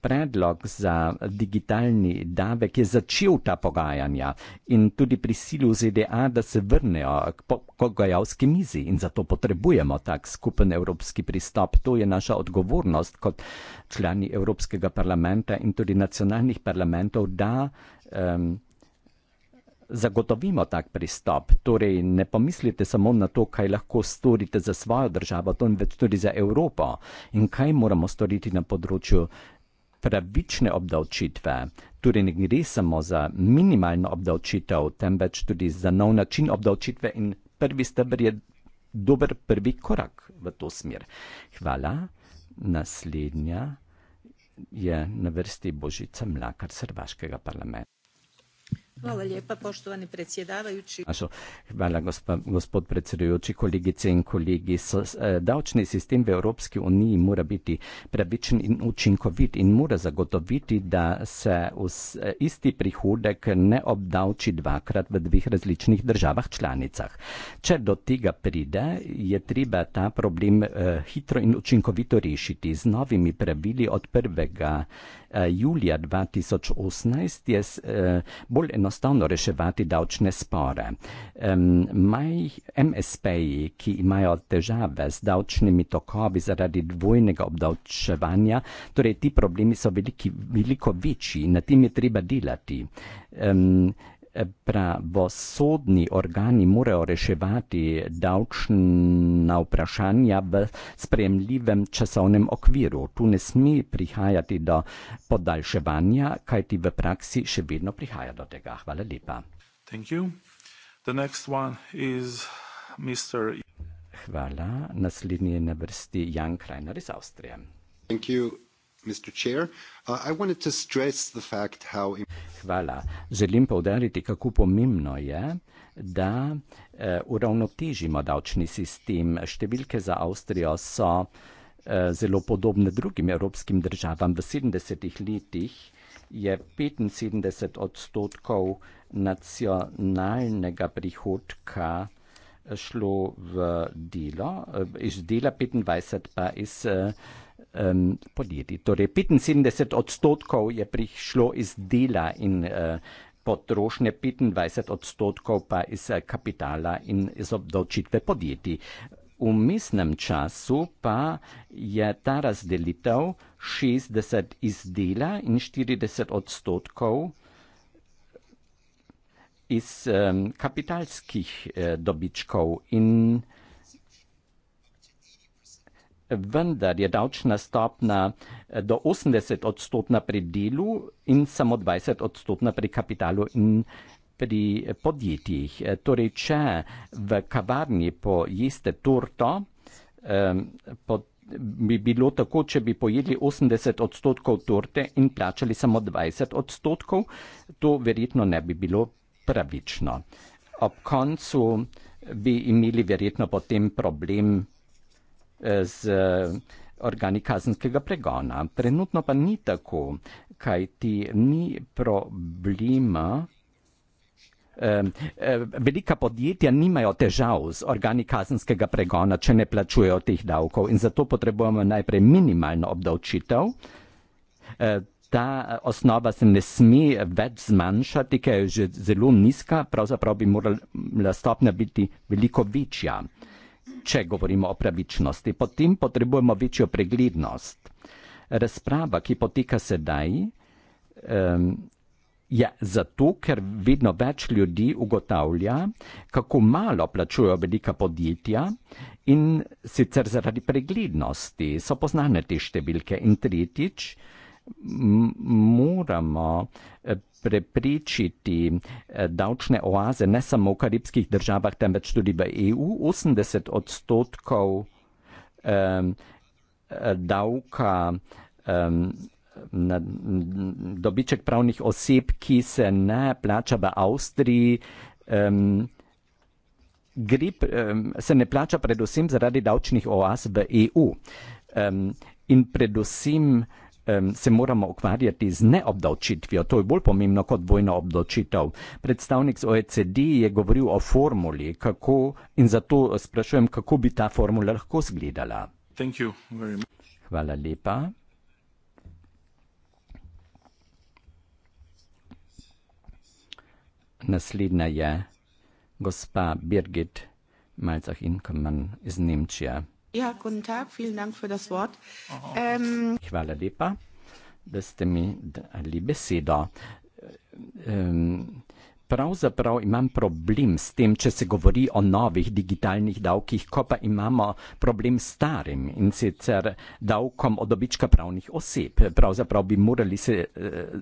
predlog za digitalni davek je začel ta pogajanja in tudi prisilil ZDA, da se vrnejo k pogajalski mizi in zato potrebujemo tak skupen evropski pristop. To je naša odgovornost kot člani Evropskega parlamenta in tudi nacionalnih parlamentov, da um, zagotovimo tak pristop. Torej, ne pomislite samo na to, kaj lahko storite za svojo državo, temveč tudi za Evropo in kaj moramo storiti na področju pravične obdavčitve. Torej, ne gre samo za minimalno obdavčitev, temveč tudi za nov način obdavčitve in prvi stebr je dober prvi korak v to smer. Hvala. Naslednja je na vrsti Božica Mlakar Srbaškega parlamenta. Hvala lijepa poštovani predsjedavajući. Hvala gospod predsjedajući, kolegice in kolegi. E, davčni sistem v Evropski uniji mora biti pravičen in učinkovit in mora zagotoviti, da se e, isti prihodek ne obdavči dvakrat v dveh različnih državah članicah. Če do tega pride, je treba ta problem e, hitro in učinkovito rešiti z novimi pravili od prvega Eh, julija 2018 je uh, bolj enostavno reševati davčne spore. Um, MSP-ji, ki imajo težave z davčnimi tokovi zaradi dvojnega obdavčevanja, torej ti problemi so veliki, veliko večji in na tem je treba delati. Um, pravosodni organi morajo reševati davčna vprašanja v spremljivem časovnem okviru. Tu ne sme prihajati do podaljševanja, kaj ti v praksi še vedno prihaja do tega. Hvala lepa. Mr. Hvala. Naslednji je na vrsti Jan Krajner iz Avstrije. Thank you. Uh, Hvala. Želim povdariti, kako pomembno je, da eh, uravnotežimo davčni sistem. Številke za Avstrijo so eh, zelo podobne drugim evropskim državam. V 70-ih letih je 75 odstotkov nacionalnega prihodka šlo v delo, iz dela 25 pa iz. Eh, um, podjetij. Torej, 75 odstotkov je prišlo iz dela in uh, potrošnje, 25 odstotkov pa iz uh, kapitala in iz obdavčitve podjetij. V mestnem času pa je ta razdelitev 60 iz dela in 40 odstotkov iz um, kapitalskih uh, dobičkov in vendar je davčna stopna eh, do 80 odstotna pri delu in samo 20 odstotna pri kapitalu in pri eh, podjetjih. Eh, torej, če v kavarni pojeste torto, ehm, bi bilo tako, če bi pojedli 80 odstotkov torte in plačali samo 20 odstotkov, to verjetno ne bi bilo pravično. Ob koncu bi imeli verjetno potem problem z eh, organi kazenskega pregona. Trenutno pa ni tako, kaj ti ni problema. Eh, velika podjetja nimajo težav z organi kazenskega pregona, če ne plačujejo teh davkov in zato potrebujemo najprej minimalno obdavčitev. Eh, ta osnova se ne sme več zmanjšati, ker je že zelo nizka, pravzaprav bi morala stopna biti veliko večja če govorimo o pravičnosti, potem potrebujemo večjo preglednost. Razprava, ki poteka sedaj, um, je zato, ker vedno več ljudi ugotavlja, kako malo plačujo velika podjetja in sicer zaradi preglednosti so poznane te številke. In tretjič, moramo eh, preprečiti eh, davčne oaze ne samo v karibskih državah, temveč tudi v EU. 80 odstotkov davka na dobiček pravnih oseb, ki se ne plača v Avstriji, grip se ne plača predvsem zaradi davčnih oaz v EU. In predvsem se moramo ukvarjati z neobdavčitvijo. To je bolj pomembno kot vojna obdavčitev. Predstavnik z OECD je govoril o formuli kako, in zato sprašujem, kako bi ta formula lahko zgledala. Hvala lepa. Naslednja je gospa Birgit Malzach-Inkemann iz Nemčije. Ja, guten Tag, vielen Dank für das Wort. Ähm, Hvala lepa, da ste mi dali besedo. Ähm, pravzaprav imam problem s tem, če se govori o novih digitalnih davkih, ko pa imamo problem s starim in sicer davkom od dobička pravnih oseb. Pravzaprav bi morali se eh,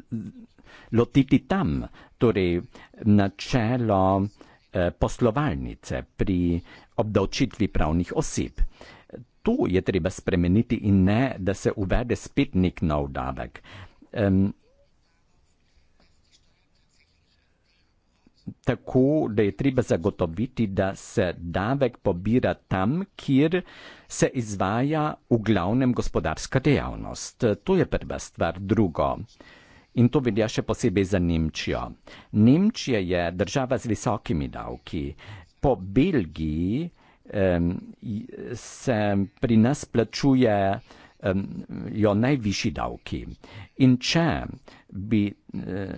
lotiti tam, torej načelo eh, poslovalnice pri obdavčitvi pravnih oseb to je treba spremeniti in ne, da se uvede spet nek nov davek. Um, tako, da je treba zagotoviti, da se davek pobira tam, kjer se izvaja v glavnem gospodarska dejavnost. To je prva stvar. Drugo. In to velja še posebej za Nemčijo. Nemčija je država z visokimi davki. Po Belgiji um, se pri nas plačuje um, jo najvišji davki. In če bi um,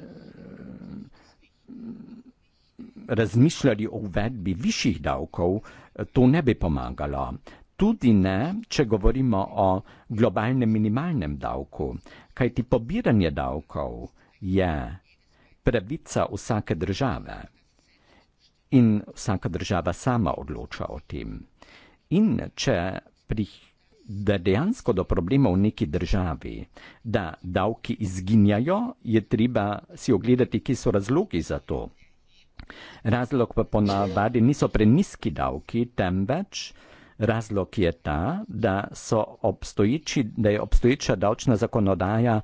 razmišljali o uvedbi višjih davkov, to ne bi pomagalo. Tudi ne, če govorimo o globalnem minimalnem davku, kajti pobiranje davkov je pravica vsake države in vsaka država sama odloča o tem. In če prih, da dejansko do problema v neki državi, da davki izginjajo, je treba si ogledati, ki so razlogi za to. Razlog pa ponavadi niso preniski davki, temveč razlog je ta, da, da je obstoječa davčna zakonodaja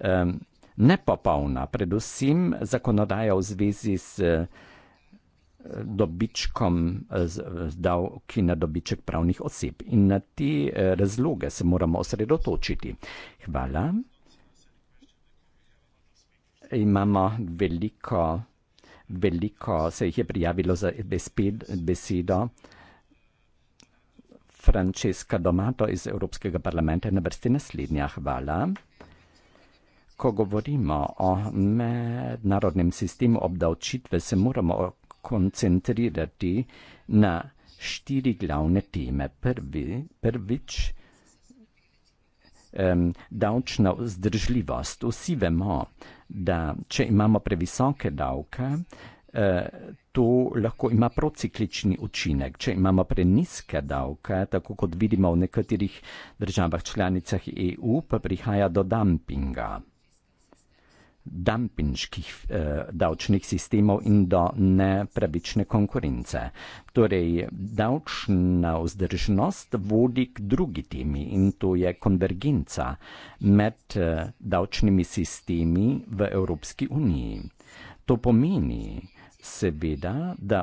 um, nepopolna, predvsem zakonodaja v zvezi s. Uh, dobičkom dal, ki na dobiček pravnih oseb. In na te eh, razloge se moramo osredotočiti. Hvala. Imamo veliko, veliko se jih je prijavilo za besped, besedo. Francesca Domato iz Evropskega parlamenta je na vrsti naslednja. Hvala. Ko govorimo o mednarodnem sistemu obdavčitve, se moramo koncentrirati na štiri glavne teme. Prvi, prvič, um, davčna vzdržljivost. Vsi vemo, da če imamo previsoke davke, uh, to lahko ima prociklični učinek. Če imamo preniske davke, tako kot vidimo v nekaterih državah članicah EU, pa prihaja do dumpinga dumpinških eh, davčnih sistemov in do nepravične konkurence. Torej, davčna vzdržnost vodi k drugi temi in to je konvergenca med eh, davčnimi sistemi v Evropski uniji. To pomeni seveda, da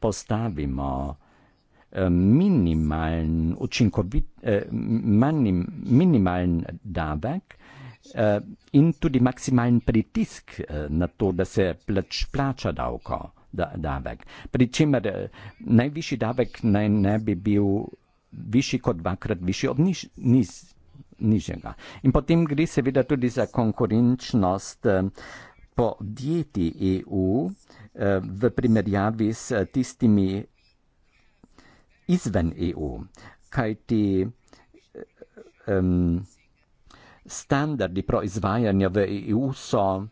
postavimo eh, Minimalen, učinkovit, eh, manj, minimalen davek, eh, eh, in tudi maksimalen pritisk eh, na to, da se plač, plača davko, da, davek. Pričemer eh, najvišji davek naj ne bi bil višji kot dvakrat višji od niž, niž, nižjega. In potem gre seveda tudi za konkurenčnost eh, podjetij EU eh, v primerjavi s tistimi izven EU. Kaj ti. Eh, eh, standardi proizvajanja v EU so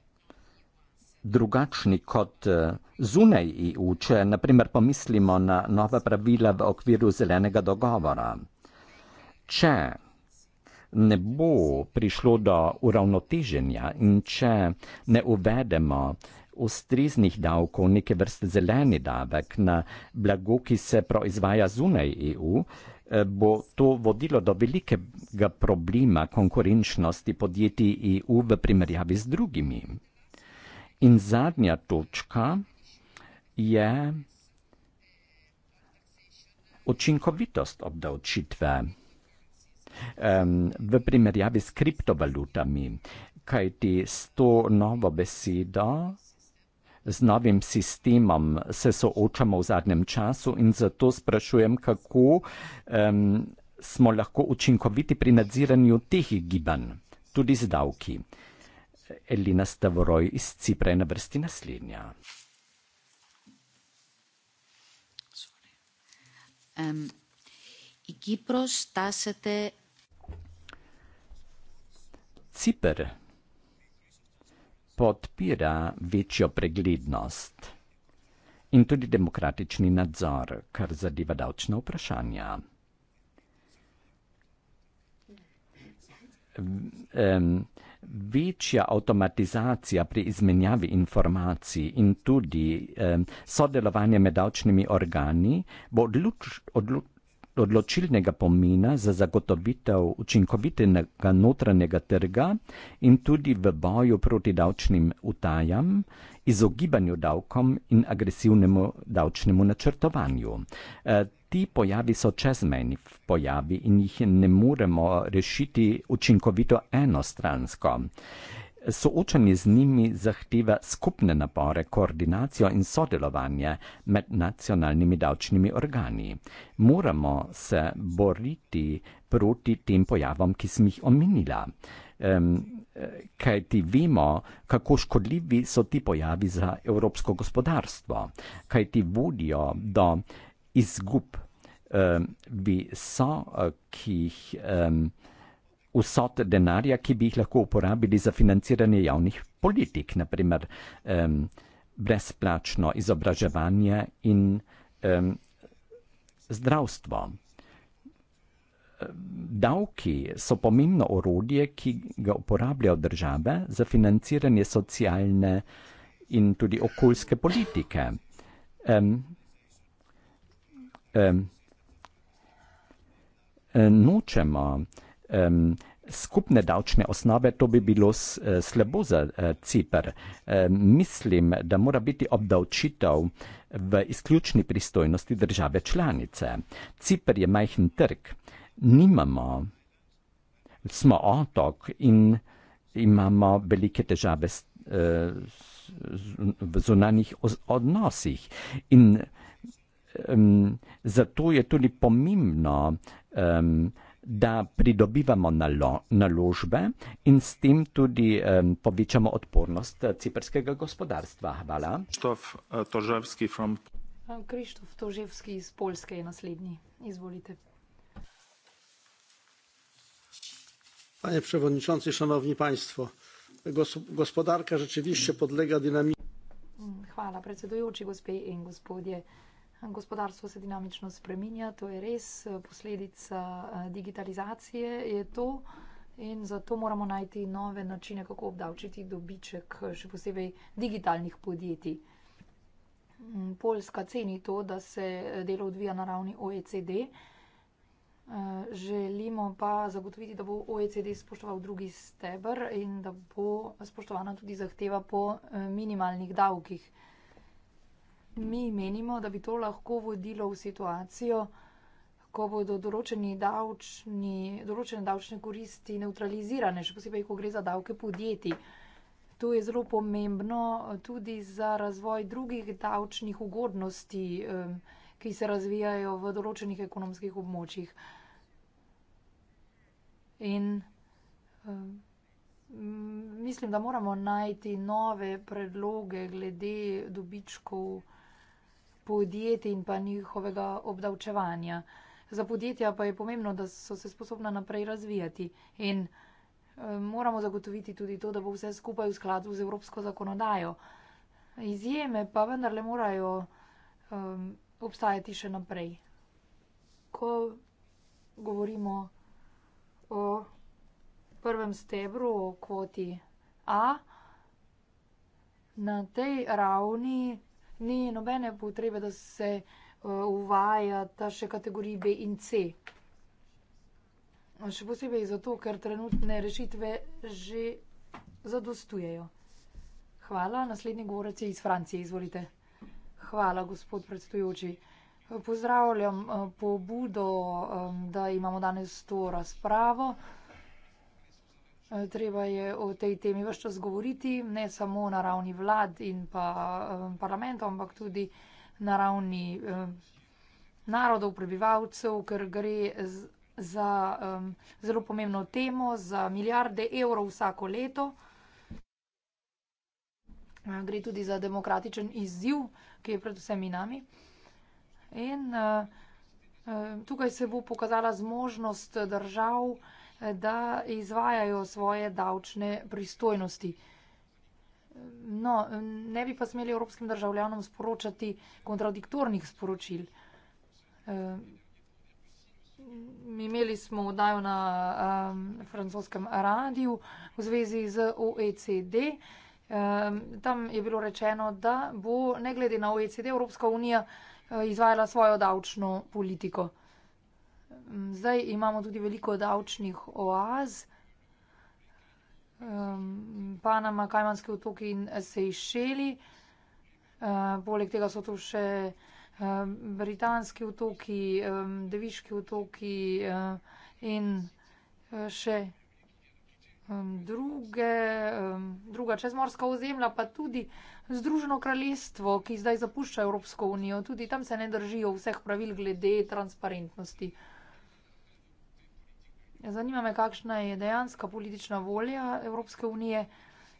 drugačni kot eh, zunaj EU, če naprimer pomislimo na nova pravila v okviru zelenega dogovora. Če ne bo prišlo do uravnoteženja in če ne uvedemo ustreznih davkov, neke vrste zeleni davek na blago, ki se proizvaja zunaj EU, Eh, bo to vodilo do velikega problema konkurenčnosti podjetij EU v primerjavi z drugimi. In zadnja točka je učinkovitost obdavčitve um, v primerjavi s kriptovalutami, kajti s to novo besedo z novim sistemom se soočamo v zadnjem času in zato sprašujem, kako um, smo lahko učinkoviti pri nadziranju teh gibanj, tudi z davki. Elina Stavoroj iz Cipra je na vrsti naslednja. Um, Cipr podpira večjo preglednost in tudi demokratični nadzor, kar zadeva davčna vprašanja. Večja avtomatizacija pri izmenjavi informacij in tudi sodelovanje med davčnimi organi bo odluč, odluč, odločilnega pomena za zagotovitev učinkovitega notranjega trga in tudi v boju proti davčnim utajam, izogibanju davkom in agresivnemu davčnemu načrtovanju. E, ti pojavi so čezmejni pojavi in jih ne moremo rešiti učinkovito enostransko. Soočanje z njimi zahteva skupne napore, koordinacijo in sodelovanje med nacionalnimi davčnimi organi. Moramo se boriti proti tem pojavom, ki sem jih omenila. Um, Kaj ti vemo, kako škodljivi so ti pojavi za evropsko gospodarstvo, kaj ti vodijo do izgub um, visokih um, vsot denarja, ki bi jih lahko uporabili za financiranje javnih politik, naprimer um, brezplačno izobraževanje in um, zdravstvo. Davki so pomembno orodje, ki ga uporabljajo države za financiranje socialne in tudi okoljske politike. Um, um, nočemo, um, skupne davčne osnove, to bi bilo s, eh, slabo za uh, eh, Cipr. Um, mislim, da mora biti obdavčitev v izključni pristojnosti države članice. Cipr je majhen trg, nimamo, smo otok in imamo velike težave s, uh, v zunanjih odnosih. In um, zato je tudi pomembno, um, da pridobivamo nalo, naložbe in s tem tudi um, povečamo odpornost eh, ciperskega gospodarstva. Hvala. Krištof eh, Toževski, from... Krištof Toževski iz Polske je naslednji. Izvolite. Panie przewodniczący, szanowni państwo, gospodarka rzeczywiście podlega dynamice. Chwała, mm, precedujący gospodarze i gospodarze. Gospodarstvo se dinamično spreminja, to je res posledica eh, digitalizacije. In zato moramo najti nove načine, kako obdavčiti dobiček, še posebej digitalnih podjetij. Mm, Poljska ceni to, da se eh, delo odvija na ravni OECD. Eh, želimo pa zagotoviti, da bo OECD spoštoval drugi stebr in da bo spoštovana tudi zahteva po minimalnih davkih. Mi menimo, da bi to lahko vodilo v situacijo, ko bodo določeni davčni, določene davčne koristi neutralizirane, še posebej, ko gre za davke podjetij. To je zelo pomembno tudi za razvoj drugih davčnih ugodnosti, ki se razvijajo v določenih ekonomskih območjih. In mislim, da moramo najti nove predloge glede dobičkov podjetij in pa njihovega obdavčevanja. Za podjetja pa je pomembno, da so se sposobna naprej razvijati in eh, moramo zagotoviti tudi to, da bo vse skupaj v skladu z evropsko zakonodajo. Izjeme pa vendarle morajo um, obstajati še naprej. Ko govorimo o prvem stebru, o kvoti A, na tej ravni ni nobene potrebe, da se eh, uvaja ta še kategoriji B in C. Še posebej zato, ker trenutne rešitve že zadostujejo. Hvala. Naslednji govorec je iz Francije. Izvolite. Hvala, gospod predstojoči. Pozdravljam eh, pobudo, eh, da imamo danes to razpravo. Eh, treba je o tej temi več čas govoriti, ne samo na ravni vlad in pa eh, parlamentov, ampak tudi na ravni eh, narodov, prebivalcev, ker gre za zelo pomembno temo, za milijarde evrov vsako leto. Gre tudi za demokratičen izziv, ki je pred vsemi nami. In uh, tukaj se bo pokazala zmožnost držav uh, da izvajajo svoje davčne pristojnosti. No, ne bi pa smeli evropskim državljanom sporočati kontradiktornih sporočil. Uh, imeli smo odajo na um, francoskem radiju v zvezi z OECD. Um, ehm, tam je bilo rečeno, da bo ne glede na OECD Evropska unija uh, izvajala svojo davčno politiko. Mm, zdaj imamo tudi veliko davčnih oaz. Ehm, Panama, Kajmanske otoki in Sejšeli. Ehm, poleg tega so tu še ehm, Britanski otoki, Deviški otoki in e, še druge, druga čezmorska ozemlja, pa tudi Združeno kraljestvo, ki zdaj zapušča Evropsko unijo. Tudi tam se ne držijo vseh pravil glede transparentnosti. Zanima me, kakšna je dejanska politična volja Evropske unije,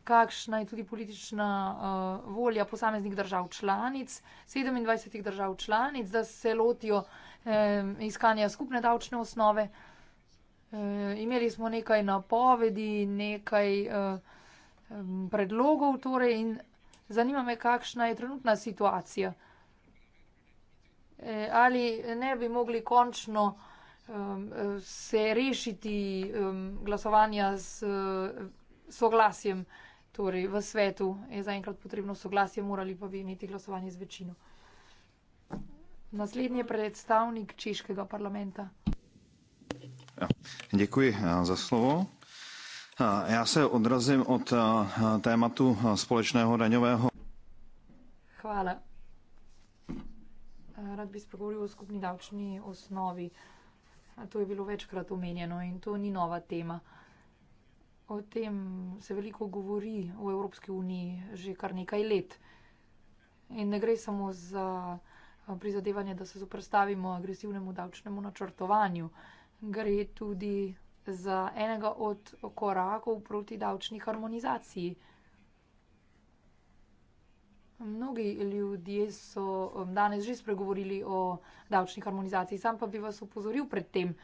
kakšna je tudi politična uh, volja posameznih držav članic, 27 držav članic, da se lotijo eh, iskanja skupne davčne osnove. Eh, imeli smo nekaj napovedi, nekaj eh, predlogov torej in zanima me, kakšna je trenutna situacija. Eh, ali ne bi mogli končno um, eh, se rešiti um, glasovanja s uh, soglasjem torej, v svetu. Je zaenkrat potrebno soglasje, morali pa bi imeti glasovanje z večino. Naslednji je predstavnik češkega parlamenta. Ja, děkuji eh, za slovo. Já se odrazím od tématu společného daňového. Hvala. Rád bych spogovoril o skupní dávční osnovy. To je bilo večkrat omenjeno in to ni nova tema. O tem se veliko govori v Evropski uniji že kar nekaj let. In ne gre samo za prizadevanje, da se zoprstavimo agresivnemu davčnemu načrtovanju. Gre tudi za enega od korakov proti davčni harmonizaciji. Mnogi ljudje so um, danes že spregovorili o davčni harmonizaciji. Sam pa bi vas upozoril predtem.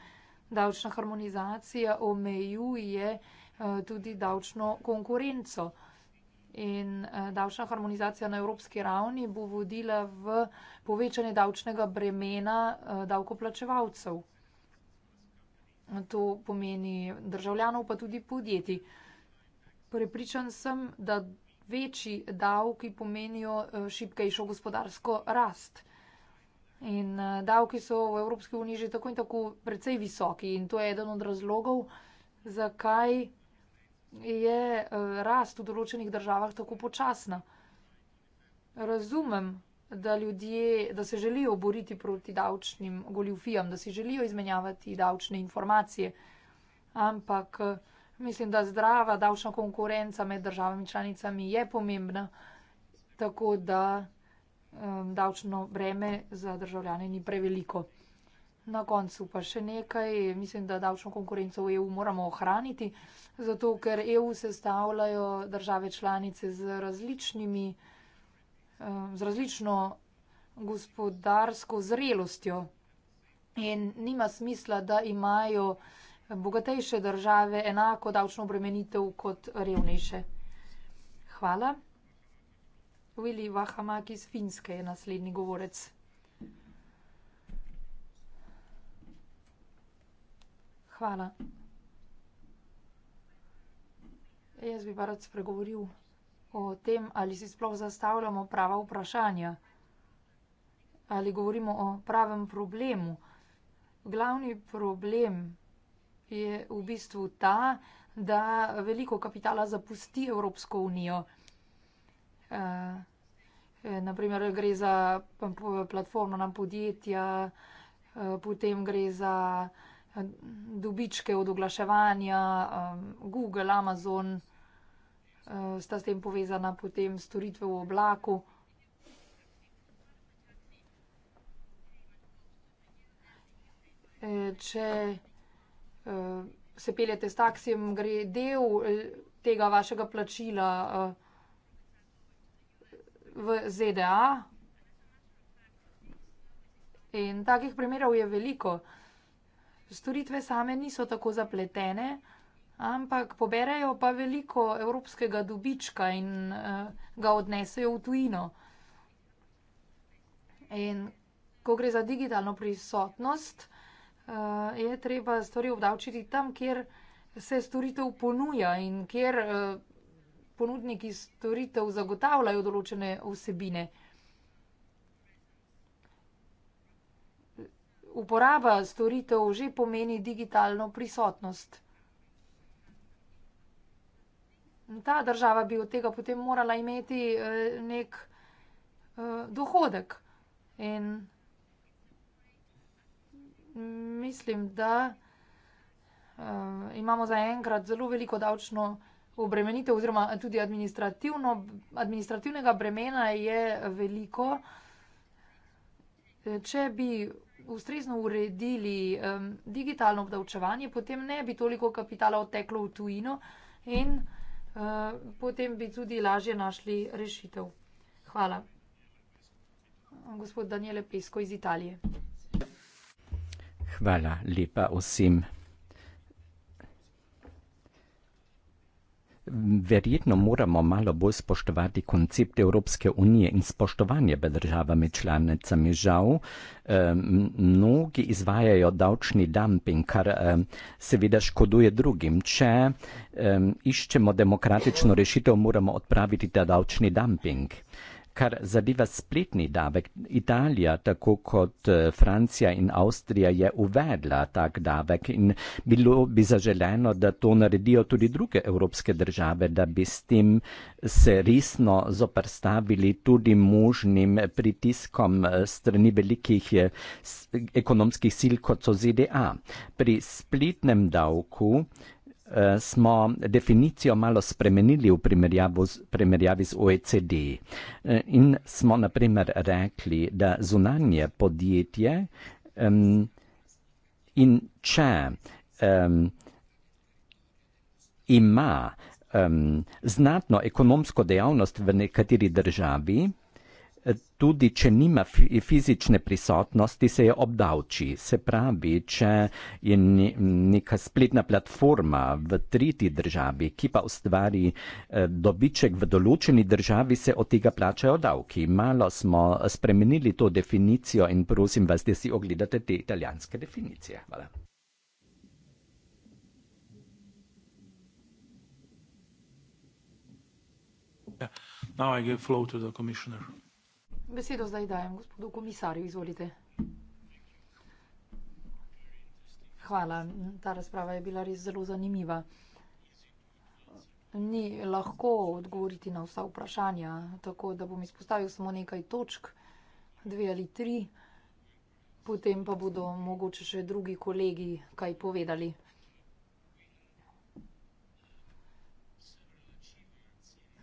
Davčna harmonizacija omejuje uh, tudi davčno konkurenco. In uh, davčna harmonizacija na evropski ravni bo vodila v povečanje davčnega bremena uh, davkoplačevalcev. To pomeni državljanov, pa tudi podjetij. Prepričan sem, da večji davki pomenijo eh, šibkejšo gospodarsko rast. In eh, davki so v Evropski uniji že tako in tako precej visoki in to je eden od razlogov, zakaj je eh, rast v določenih državah tako počasna. Razumem, da ljudje, da se želijo boriti proti davčnim goljufijam, da si želijo izmenjavati davčne informacije, ampak Mislim, da zdrava davčna konkurenca med državami članicami je pomembna, tako da um, davčno breme za državljane ni preveliko. Na koncu pa še nekaj. Mislim, da davčno konkurenco v EU moramo ohraniti, zato ker EU sestavljajo države članice z, um, z različno gospodarsko zrelostjo in nima smisla, da imajo bogatejše države enako davčno obremenitev kot revnejše? Hvala. Vili Vahamak iz Finske je naslednji govorec. Hvala. Jaz bi pa rad spregovoril o tem, ali si sploh zastavljamo prava vprašanja. Ali govorimo o pravem problemu. Glavni problem je v bistvu ta, da veliko kapitala zapusti Evropsko unijo. Eh, eh, Naprimer, gre za platformo nam podjetja, eh, potem gre za dobičke od oglaševanja, Google, Amazon sta s tem povezana potem storitve v oblaku. Če Eh, se peljete s taksijem, gre del eh, tega vašega plačila eh, v ZDA. In takih primerov je veliko. Storitve same niso tako zapletene, ampak poberajo pa veliko evropskega dobička in ga odnesejo v tujino. In ko gre za digitalno prisotnost, Eh, je treba stvari obdavčiti tam, kjer se storitev ponuja in kjer eh, ponudniki storitev zagotavljajo določene vsebine. Uporaba storitev že pomeni digitalno prisotnost. Ta država bi od tega potem morala imeti eh, nek dohodek. In mislim, da um, imamo zaenkrat zelo veliko davčno obremenitev oziroma tudi administrativno. Administrativnega bremena je veliko. Če bi ustrezno uredili um, digitalno obdavčevanje, potem ne bi toliko kapitala oteklo v tujino in uh, potem bi tudi lažje našli rešitev. Hvala. Gospod Daniele Pesko iz Italije. Hvala lepa vsem. Verjetno moramo malo bolj spoštovati koncept Evropske unije in spoštovanje med državami članicami. Žal, eh, mnogi izvajajo davčni dumping, kar eh, seveda škoduje drugim. Če eh, iščemo demokratično rešitev, moramo odpraviti ta davčni dumping. Eh, Kar zadeva spletni davek, Italija, tako kot eh, Francija in Avstrija, je uvedla tak davek in bilo bi zaželeno, da to naredijo tudi druge evropske države, da bi s tem se resno zoprstavili tudi možnim pritiskom eh, strani velikih eh, ekonomskih sil, kot so ZDA. Pri spletnem davku uh, smo definicijo malo spremenili v z, primerjavi z OECD. Uh, eh, in smo naprimer rekli, da zunanje podjetje um, in če um, ima um, znatno ekonomsko dejavnost v nekateri državi, tudi če nima fizične prisotnosti, se jo obdavči. Se pravi, če je neka spletna platforma v tretji državi, ki pa ustvari eh, dobiček v določeni državi, se od tega plačajo davki. Malo smo spremenili to definicijo in prosim vas, da si ogledate te italijanske definicije. Hvala. Now I give flow to the commissioner. Besedo zdaj dajem gospodu komisarju, izvolite. Hvala, ta razprava je bila res zelo zanimiva. Ni lahko odgovoriti na vsa vprašanja, tako da bom izpostavil samo nekaj točk, dve ali tri, potem pa bodo mogoče še drugi kolegi kaj povedali.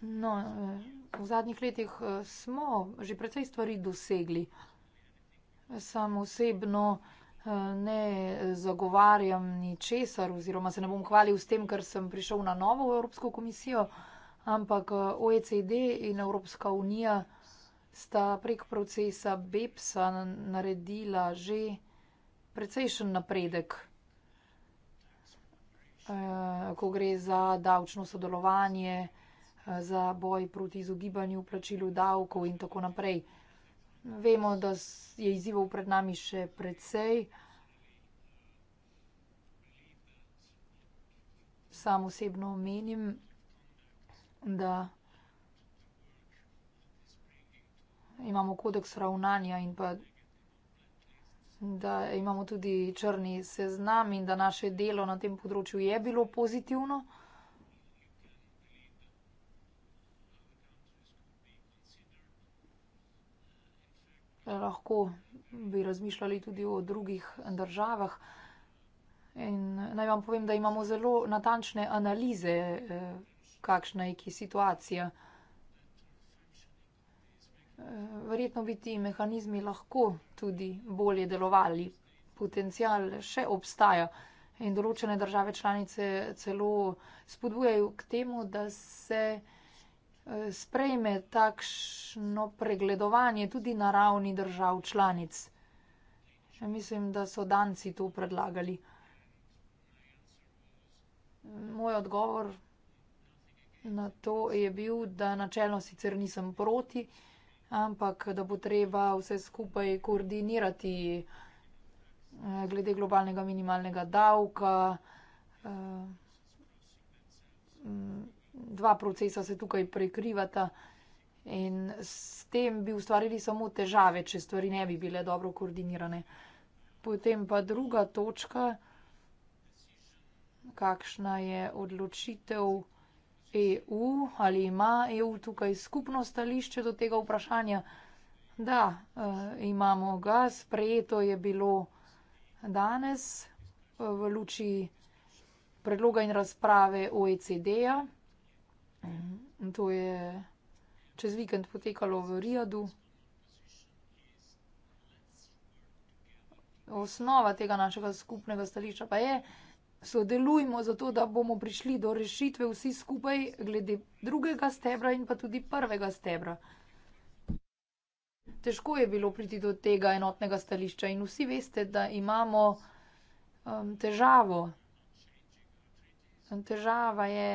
No, v zadnjih letih eh, smo že precej stvari dosegli. Sam osebno eh, ne zagovarjam ničesar oziroma se ne bom hvalil s tem, ker sem prišel na novo Evropsko komisijo, ampak eh, OECD in Evropska unija sta prek procesa BEPS-a naredila že precejšen napredek. Ko gre za davčno sodelovanje, za boj proti izogibanju, plačilu davkov in tako naprej. Vemo, da je izzivov pred nami še predvsej. Sam osebno menim, da imamo kodeks ravnanja in pa da imamo tudi črni seznam in da naše delo na tem področju je bilo pozitivno. lahko bi razmišljali tudi o drugih državah. In naj vam povem, da imamo zelo natančne analize, eh, kakšna je ki situacija. Eh, verjetno bi ti mehanizmi lahko tudi bolje delovali. Potencijal še obstaja in določene države članice celo spodbujajo k temu, da se sprejme takšno pregledovanje tudi na ravni držav članic. Ja, mislim, da so Danci to predlagali. Moj odgovor na to je bil, da načelno sicer nisem proti, ampak da bo treba vse skupaj koordinirati eh, glede globalnega minimalnega davka. Eh, dva procesa se tukaj prekrivata in s tem bi ustvarili samo težave, če stvari ne bi bile dobro koordinirane. Potem pa druga točka, kakšna je odločitev EU, ali ima EU tukaj skupno stališče do tega vprašanja. Da, eh, imamo ga, sprejeto je bilo danes eh, v luči predloga in razprave OECD-ja. Mhm. To je čez vikend potekalo v Rijadu. Osnova tega našega skupnega stališča pa je, sodelujmo zato, da bomo prišli do rešitve vsi skupaj glede drugega stebra in pa tudi prvega stebra. Težko je bilo priti do tega enotnega stališča in vsi veste, da imamo um, težavo. Težava je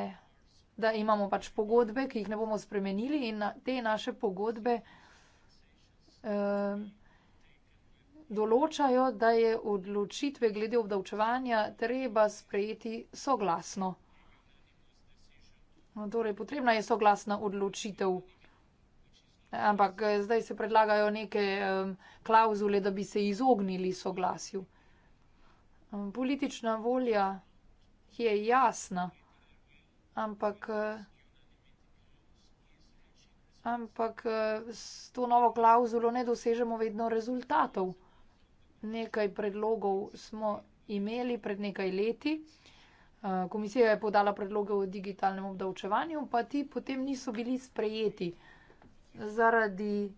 da imamo pač pogodbe, ki jih ne bomo spremenili in na te naše pogodbe eh, določajo, da je odločitve glede obdavčevanja treba sprejeti soglasno. No, torej, potrebna je soglasna odločitev. Ampak eh, zdaj se predlagajo neke eh, klauzule, da bi se izognili soglasju. Politična volja je jasna ampak, eh, ampak eh, s to novo klauzulo ne dosežemo vedno rezultatov. Nekaj predlogov smo imeli pred nekaj leti. Eh, komisija je podala predloge o digitalnem obdavčevanju, pa ti potem niso bili sprejeti zaradi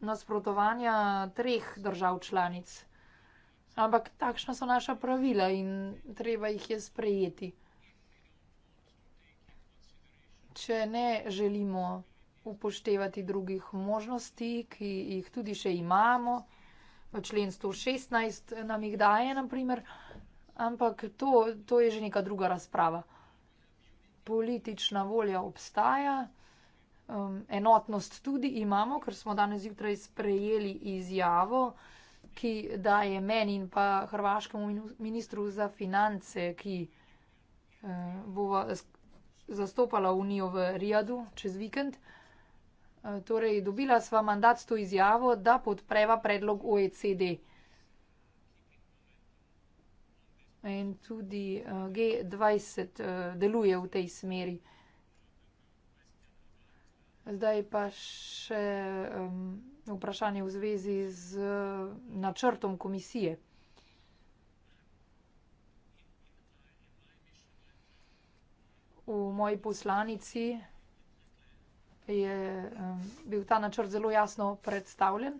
nasprotovanja treh držav članic. Ampak takšna so naša pravila in treba jih je sprejeti če ne želimo upoštevati drugih možnosti, ki jih tudi še imamo, člen 116 nam jih daje, naprimer, ampak to, to je že neka druga razprava. Politična volja obstaja, um, enotnost tudi imamo, ker smo danes zjutraj sprejeli izjavo, ki daje meni in pa hrvaškemu ministru za finance, ki eh, bova zastopala Unijo v Rijadu čez vikend. E, torej, dobila sva mandat s to izjavo, da podpreva predlog OECD. In tudi e, G20 e, deluje v tej smeri. Zdaj pa še vprašanje v zvezi z načrtom komisije. v moji poslanici je um, bil ta načrt zelo jasno predstavljen.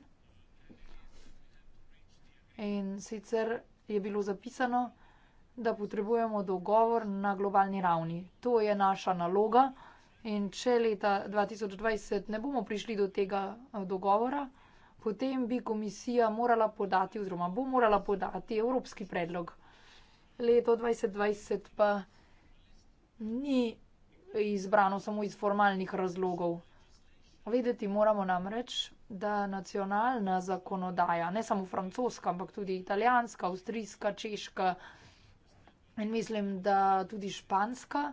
In sicer je bilo zapisano, da potrebujemo dogovor na globalni ravni. To je naša naloga. In če leta 2020 ne bomo prišli do tega uh, dogovora, potem bi komisija morala podati, oziroma bo morala podati evropski predlog. Leto 2020 pa ni izbrano samo iz formalnih razlogov. Vedeti moramo namreč, da nacionalna zakonodaja, ne samo francoska, ampak tudi italijanska, avstrijska, češka in mislim, da tudi španska,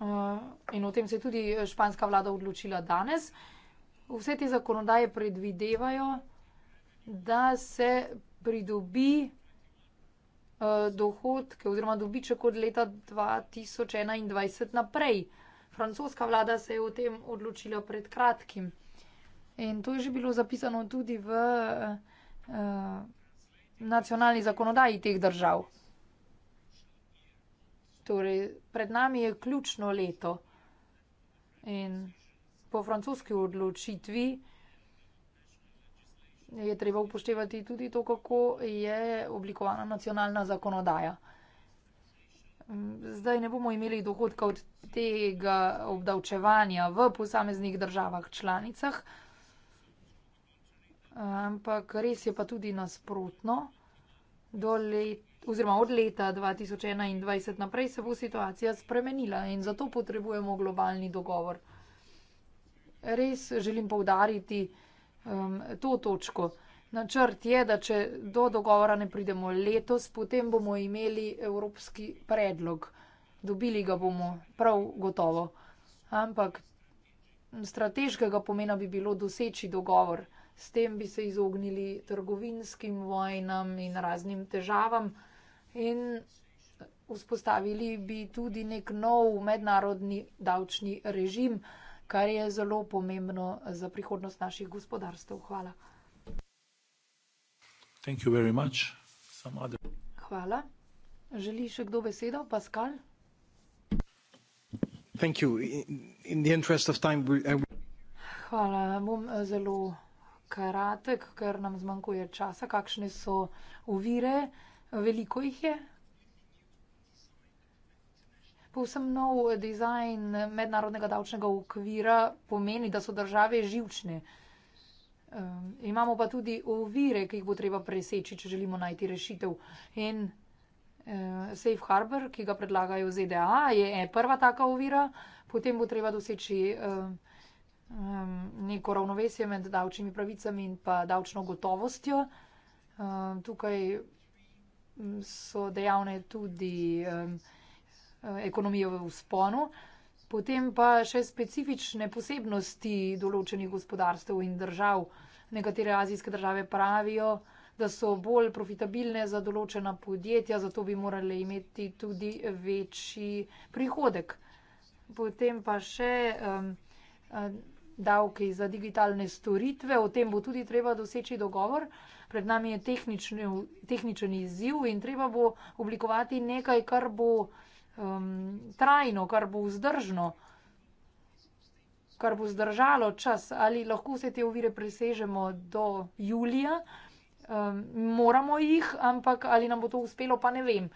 eh, in o tem se je tudi španska vlada odločila danes, vse te zakonodaje predvidevajo, da se pridobi Eh, dohodke oziroma dobiček od leta 2021 naprej. Francoska vlada se je o tem odločila pred kratkim. In to je že bilo zapisano tudi v uh, nacionalni zakonodaji teh držav. Torej, pred nami je ključno leto in po francoski odločitvi je treba upoštevati tudi to, kako je oblikovana nacionalna zakonodaja. Zdaj ne bomo imeli dohodka od tega obdavčevanja v posameznih državah članicah, ampak res je pa tudi nasprotno. Let, oziroma od leta 2021 naprej se bo situacija spremenila in zato potrebujemo globalni dogovor. Res želim povdariti, da um, to točko. Načrt je, da če do dogovora ne pridemo letos, potem bomo imeli evropski predlog. Dobili ga bomo prav gotovo. Ampak strateškega pomena bi bilo doseči dogovor. S tem bi se izognili trgovinskim vojnam in raznim težavam in vzpostavili bi tudi nek nov mednarodni davčni režim kar je zelo pomembno za prihodnost naših gospodarstv. Hvala. Hvala. Želi še kdo besedo? Pascal? Uh, Hvala. Bom eh, zelo kratek, ker nam zmanjkuje časa. Kakšne so ovire? Veliko jih je, povsem nov dizajn mednarodnega davčnega okvira pomeni, da so države živčne. Ehm, imamo pa tudi ovire, ki jih bo treba preseči, če želimo najti rešitev. In eh, Safe Harbor, ki ga predlagajo ZDA, je eh, prva taka ovira, potem bo treba doseči ehm, ehm, neko ravnovesje med davčnimi pravicami in pa davčno gotovostjo. Tukaj mm, so dejavne tudi. Eh, ekonomijo v usponu, potem pa še specifične posebnosti določenih gospodarstv in držav. Nekatere azijske države pravijo, da so bolj profitabilne za določena podjetja, zato bi morali imeti tudi večji prihodek. Potem pa še um, davki za digitalne storitve, o tem bo tudi treba doseči dogovor. Pred nami je tehničen izziv in treba bo oblikovati nekaj, kar bo uh, um, trajno, kar bo vzdržno, kar bo zdržalo čas, ali lahko vse te ovire presežemo do julija. Um, moramo jih, ampak ali nam bo to uspelo, pa ne vem.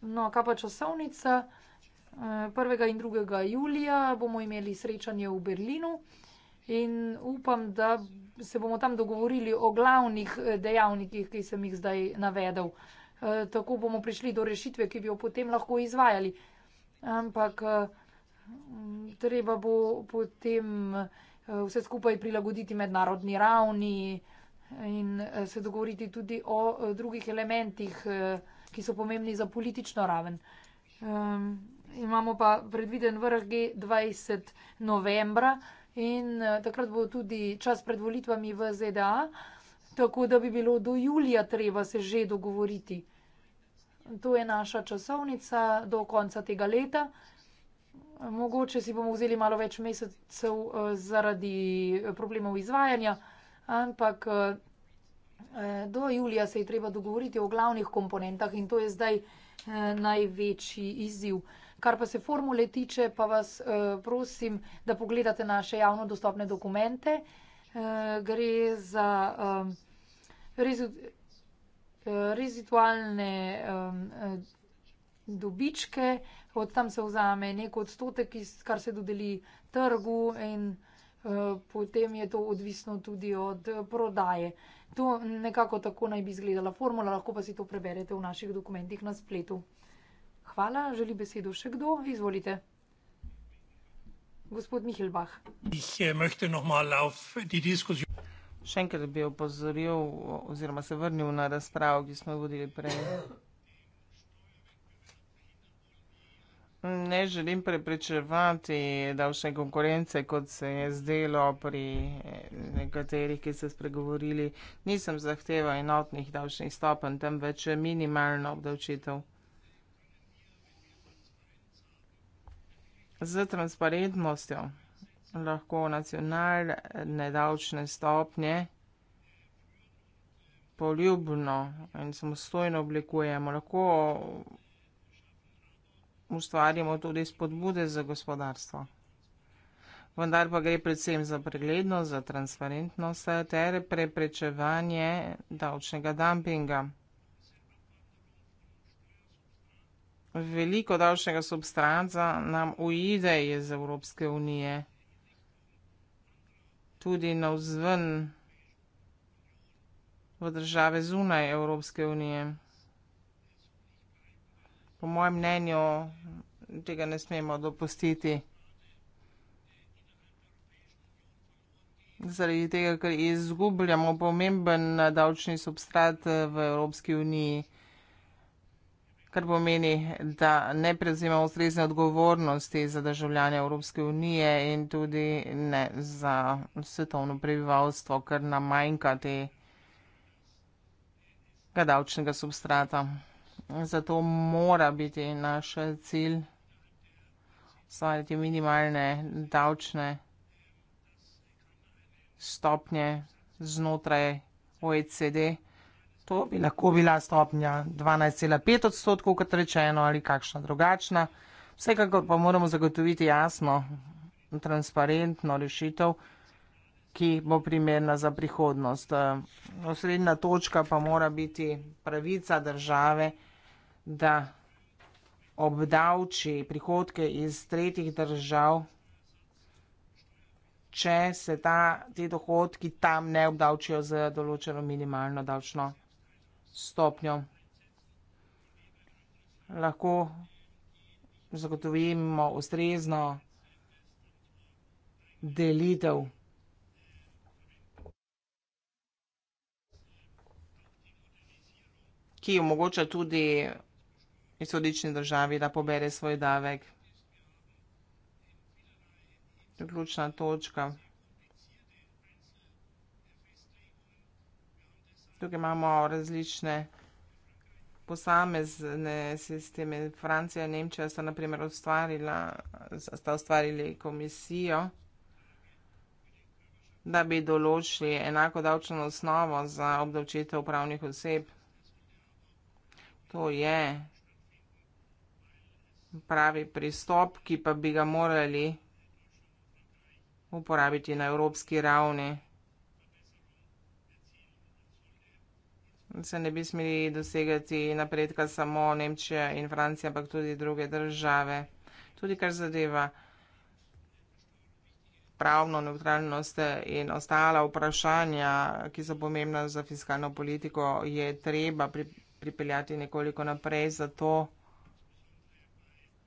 No, kaj pa časovnica? 1. Uh, in 2. julija bomo imeli srečanje v Berlinu in upam, da se bomo tam dogovorili o glavnih eh, dejavnikih, ki sem jih zdaj navedel. Eh, tako bomo prišli do rešitve, ki bi jo potem lahko izvajali. Ampak eh, treba bo potem eh, vse skupaj prilagoditi mednarodni ravni in se dogovoriti tudi o drugih elementih, ki so pomembni za politično raven. Imamo pa predviden vrh G20 novembra in takrat bo tudi čas pred volitvami v ZDA. Tako da bi bilo do julija treba se že dogovoriti. To je naša časovnica do konca tega leta. Mogoče si bomo vzeli malo več mesecev eh, zaradi problemov izvajanja, ampak eh, eh, do julija se je treba dogovoriti o glavnih komponentah in to je zdaj največji izziv. Kar pa se formule tiče, pa vas prosim, da pogledate naše javno dostopne dokumente. Gre za rezidualne eh, eh, dobičke, od tam se vzame nek odstotek, kar se dodeli trgu in eh, potem je to odvisno tudi od prodaje. To nekako tako naj bi izgledala formula, lahko pa si to preberete v naših dokumentih na spletu. Hvala, želi besedo še kdo? Izvolite. Gospod Michelbach. Ich äh, möchte noch mal auf die Diskussion. Še enkrat bi opozoril, oziroma se vrnil na razpravo, ki smo jo vodili prej. Ne želim preprečevati davčne konkurence, kot se je zdelo pri nekaterih, ki so spregovorili. Nisem zahteval enotnih davčnih stopenj, temveč minimalno obdavčitev. Z transparentnostjo lahko nacionalne davčne stopnje poljubno in samostojno oblikujemo. Lahko ustvarjamo tudi spodbude za gospodarstvo. Vendar pa gre predvsem za preglednost, za transparentnost ter preprečevanje davčnega dumpinga. Veliko davčnega substanca nam uide iz Evropske unije tudi navzven v države zunaj Evropske unije. Po mojem mnenju tega ne smemo dopustiti. Zaradi tega, ker izgubljamo pomemben davčni substrat v Evropski uniji kar pomeni, da ne prevzemamo ustrezne odgovornosti za državljanje Evropske unije in tudi ne za svetovno prebivalstvo, ker nam manjka tega davčnega substrata. Zato mora biti naš cilj ustvariti minimalne davčne stopnje znotraj OECD-ja to bi lahko bila stopnja 12,5 odstotkov, kot rečeno, ali kakšna drugačna. Vsekakor pa moramo zagotoviti jasno, transparentno rešitev, ki bo primerna za prihodnost. Eh, osrednja točka pa mora biti pravica države, da obdavči prihodke iz tretjih držav, če se ta, te dohodki tam ne obdavčijo z določeno minimalno davčno stopnjo. Lahko zagotovimo ustrezno delitev. ki omogoča tudi izhodični državi, da pobere svoj davek. To je ključna točka. Tukaj imamo različne posamezne sisteme. Francija in Nemčija sta naprimer ustvarila, sta ustvarili komisijo, da bi določili enako davčno osnovo za obdavčitev upravnih oseb. To je pravi pristop, ki pa bi ga morali uporabiti na evropski ravni. se ne bi smeli dosegati napredka samo Nemčija in Francija, ampak tudi druge države. Tudi kar zadeva pravno neutralnost in ostala vprašanja, ki so pomembna za fiskalno politiko, je treba pripeljati nekoliko naprej. Zato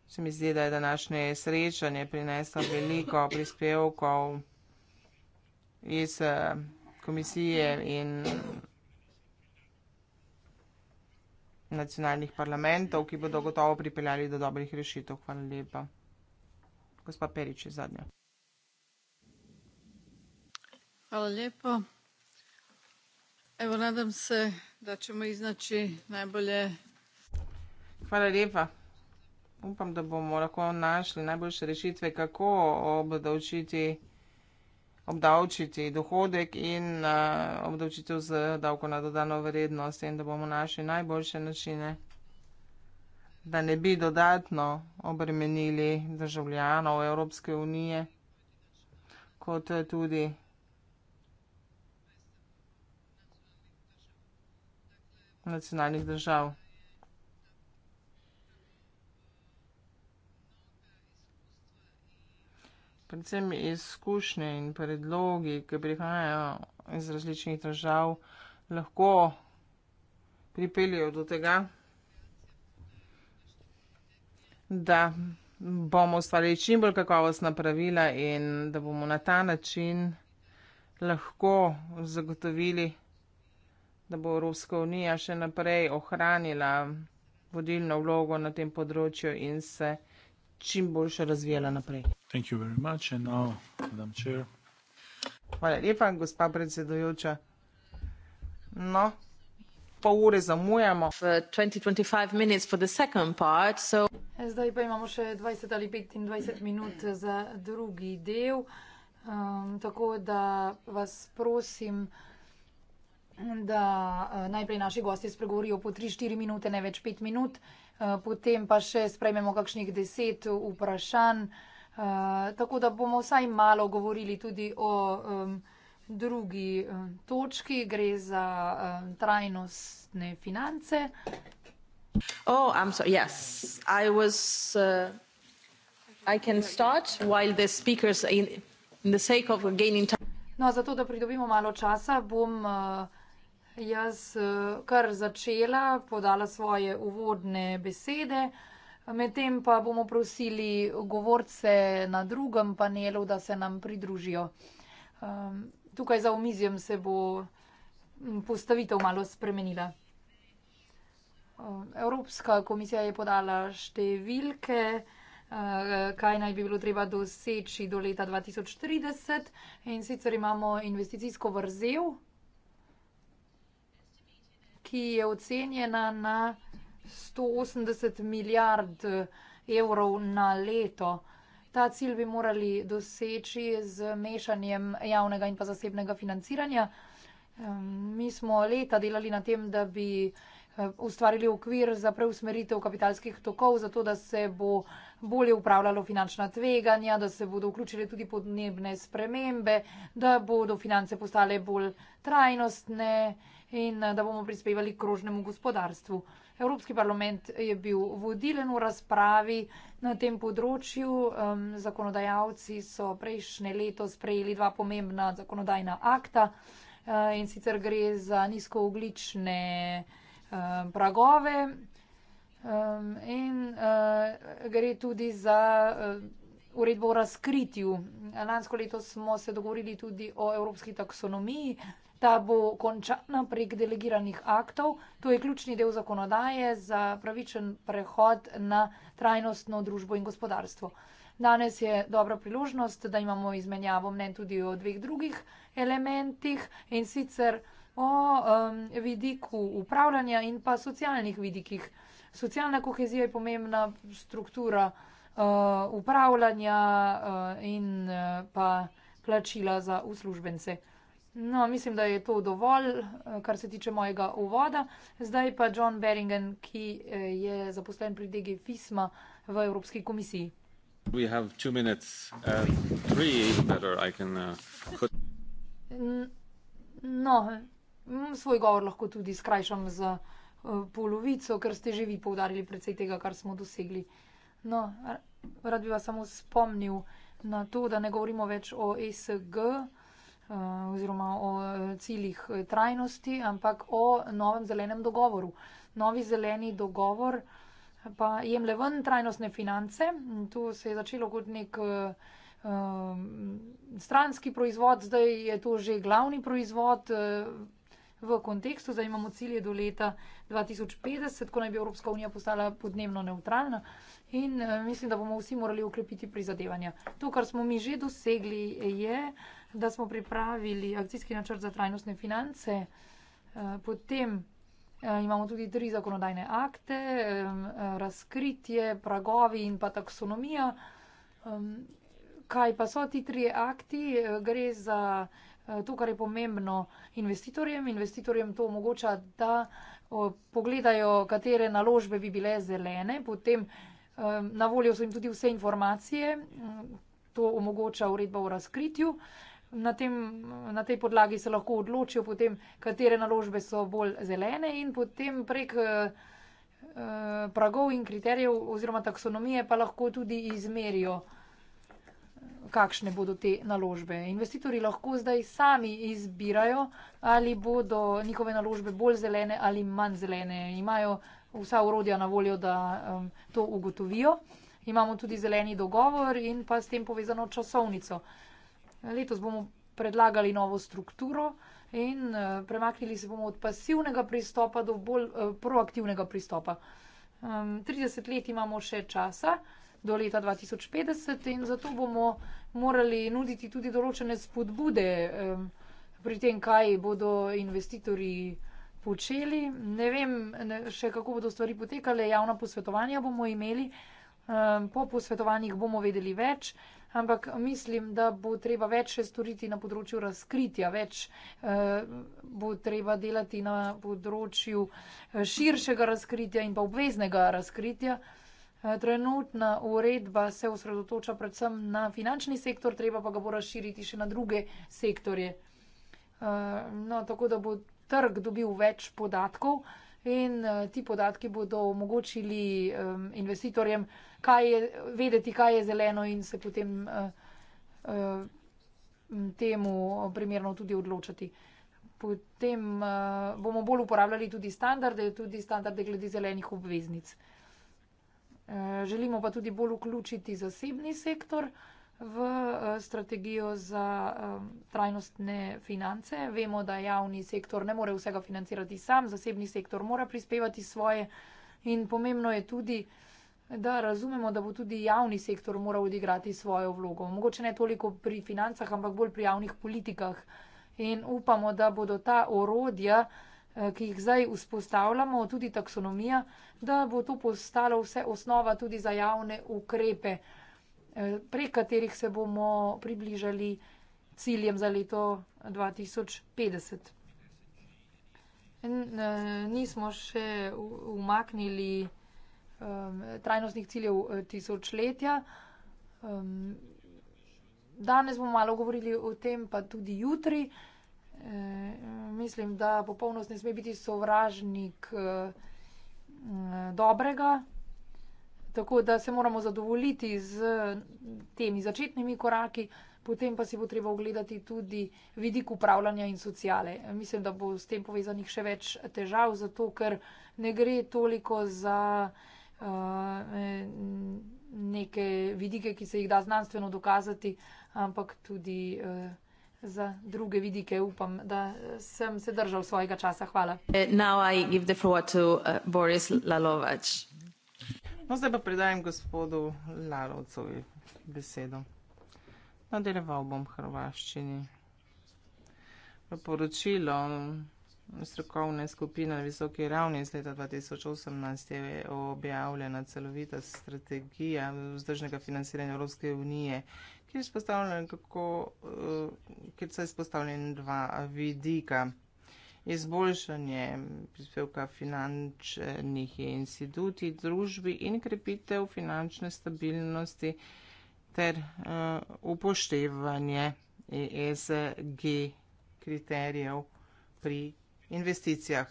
se mi zdi, da je današnje srečanje prineslo veliko prispevkov iz eh, komisije in nacionalnih parlamentov, ki bodo gotovo pripeljali do dobrih rešitev. Hvala lepa. Gospa Perič je zadnja. Hvala lepo. Evo, nadam se, da ćemo iznaći najbolje. Hvala lepa. Upam, da bomo lahko našli najboljše rešitve, kako obdavčiti obdavčiti dohodek in uh, obdavčitev z davko na dodano vrednost in da bomo našli najboljše načine, da ne bi dodatno obremenili državljanov Evropske unije, kot tudi nacionalnih držav. predvsem izkušnje in predlogi, ki prihajajo iz različnih držav, lahko pripeljajo do tega, da bomo ustvarili čim bolj kakovostna pravila in da bomo na ta način lahko zagotovili, da bo Evropska unija še naprej ohranila vodilno vlogo na tem področju in se čim boljše razvijala naprej. Thank you very much and now, Madam Chair. Hvala lepa, gospa predsedujoča. No, pol ure zamujamo. Uh, eh, zdaj pa imamo še 20 ali 25 minut za drugi del, um, tako da vas prosim, da uh, najprej naši gosti spregovorijo po 3-4 minute, ne več 5 minut, uh, potem pa še sprejmemo kakšnih 10 vprašanj. Uh, tako da bomo vsaj malo govorili tudi o um, drugi um, točki, gre za um, trajnostne finance. Oh, I'm sorry. Yes, I was. Uh, I can start while the speakers in, in the sake of gaining time. No, zato, da pridobimo malo časa, bom uh, jaz uh, kar začela, podala svoje uvodne besede. Uh, Medtem pa bomo prosili govorce na drugem panelu, da se nam pridružijo. Um, tukaj za omizjem se bo mm, postavitev malo spremenila. Um, Evropska komisija je podala številke, uh, kaj naj bi bilo treba doseči do leta 2030 in sicer imamo investicijsko vrzel, ki je ocenjena na 180 milijard eh, evrov na leto. Ta cilj bi morali doseči z mešanjem javnega in pa zasebnega financiranja. Mi smo leta delali na tem, da bi eh, ustvarili okvir za preusmeritev kapitalskih tokov, zato da se bo bolje upravljalo finančna tveganja, da se bodo vključile tudi podnebne spremembe, da bodo finance postale bolj trajnostne in eh, da bomo prispevali k krožnemu gospodarstvu. Evropski parlament je bil vodilen v razpravi na tem področju. Zakonodajalci so prejšnje leto sprejeli dva pomembna zakonodajna akta e, in sicer gre za nizkooglične e, pragove in e, gre tudi za uredbo o razkritju. Lansko leto smo se dogovorili tudi o evropski taksonomiji, Ta bo končana prek delegiranih aktov, to je ključni del zakonodaje za pravičen prehod na trajnostno družbo in gospodarstvo. Danes je dobra priložnost, da imamo izmenjavo mnen tudi o dveh drugih elementih in sicer o um, vidiku upravljanja in pa socialnih vidikih. Socialna kohezija je pomembna struktura uh, upravljanja uh, in uh, pa plačila za uslužbence. No, mislim, da je to dovolj, eh, kar se tiče mojega uvoda. Zdaj pa John Beringen, ki eh, je zaposlen pri DG FISMA v Evropski komisiji. Uh, uh, no, svoj govor lahko tudi skrajšam z eh, polovico, ker ste že vi povdarili predvsej tega, kar smo dosegli. No, rad bi vas samo spomnil na to, da ne govorimo več o SG. Eh, oziroma o eh, ciljih eh, trajnosti, ampak o novem zelenem dogovoru. Novi zeleni dogovor pa jemle ven trajnostne finance. Tu se je začelo kot nek stranski proizvod, zdaj je to že glavni proizvod v kontekstu, zdaj imamo cilje do leta 2050, ko naj bi Evropska unija postala podnebno neutralna in mislim, da bomo vsi morali ukrepiti prizadevanja. To, kar smo mi že dosegli, je da smo pripravili akcijski načrt za trajnostne finance. Eh, potem eh, imamo tudi tri zakonodajne akte, eh, razkritje, pragovi in pa taksonomija. Kaj pa so ti tri akti? Gre za to, kar je pomembno investitorjem. Investitorjem to omogoča, da pogledajo, katere naložbe bi bile zelene. Potem na voljo so jim tudi vse informacije. To omogoča uredba o razkritju na, tem, na tej podlagi se lahko odločijo, potem, katere naložbe so bolj zelene in potem prek uh, pragov in kriterijev oziroma taksonomije pa lahko tudi izmerijo, kakšne bodo te naložbe. Investitori lahko zdaj sami izbirajo, ali bodo njihove naložbe bolj zelene ali manj zelene. Imajo vsa urodja na voljo, da um, to ugotovijo. Imamo tudi zeleni dogovor in pa s tem povezano časovnico. Uh, Letos bomo predlagali novo strukturo in eh, premaknili se bomo od pasivnega pristopa do bolj eh, proaktivnega pristopa. 30 let imamo še časa do leta 2050 in zato bomo morali nuditi tudi določene spodbude pri tem, kaj bodo investitorji počeli. Ne vem še, kako bodo stvari potekale, javna posvetovanja bomo imeli, po posvetovanjih bomo vedeli več. Ampak mislim, da bo treba več še storiti na področju razkritja, več eh, bo treba delati na področju eh, širšega razkritja in pa obveznega razkritja. Eh, trenutna uredba se osredotoča predvsem na finančni sektor, treba pa ga bo razširiti še na druge sektorje. Eh, no, tako da bo trg dobil več podatkov. Eh, in eh, ti podatki bodo omogočili investitorjem, kaj je, vedeti, kaj je zeleno in se potem eh, eh, temu primerno tudi odločati. Potem bomo bolj uporabljali tudi standarde, tudi standarde glede zelenih obveznic. Želimo pa tudi bolj vključiti zasebni sektor v eh, strategijo za eh, trajnostne finance. Vemo, da javni sektor ne more vsega financirati sam, zasebni sektor mora prispevati svoje in pomembno je tudi, da razumemo, da bo tudi javni sektor moral odigrati svojo vlogo. Mogoče ne toliko pri financah, ampak bolj pri javnih politikah. In upamo, da bodo ta orodja, eh, ki jih zdaj vzpostavljamo, tudi taksonomija, da bo to postalo vse osnova tudi za javne ukrepe prek katerih se bomo približali ciljem za leto 2050. In, e, nismo še umaknili um, trajnostnih ciljev e, tisočletja. Um, danes bomo malo govorili o tem, pa tudi jutri. E, mislim, da popolnost ne sme biti sovražnik e, dobrega. Tako da se moramo zadovoljiti z temi začetnimi koraki, potem pa si bo treba ogledati tudi vidik upravljanja in sociale. Mislim, da bo s tem povezanih še več težav, zato ker ne gre toliko za uh, neke vidike, ki se jih da znanstveno dokazati, ampak tudi. Uh, Za druge vidike upam, da sem se držal svojega časa. Hvala. Uh, No, zdaj pa predajem gospodu Lalovcovi besedo. Nadeleval bom Hrvaščini. Poročilo strokovne skupine na visoki ravni iz leta 2018 je objavljena celovita strategija vzdržnega financiranja Evropske unije, kjer, eh, kjer so izpostavljeni dva vidika izboljšanje prispevka finančnih institucij družbi in krepitev finančne stabilnosti ter uh, upoštevanje ESG kriterijev pri investicijah.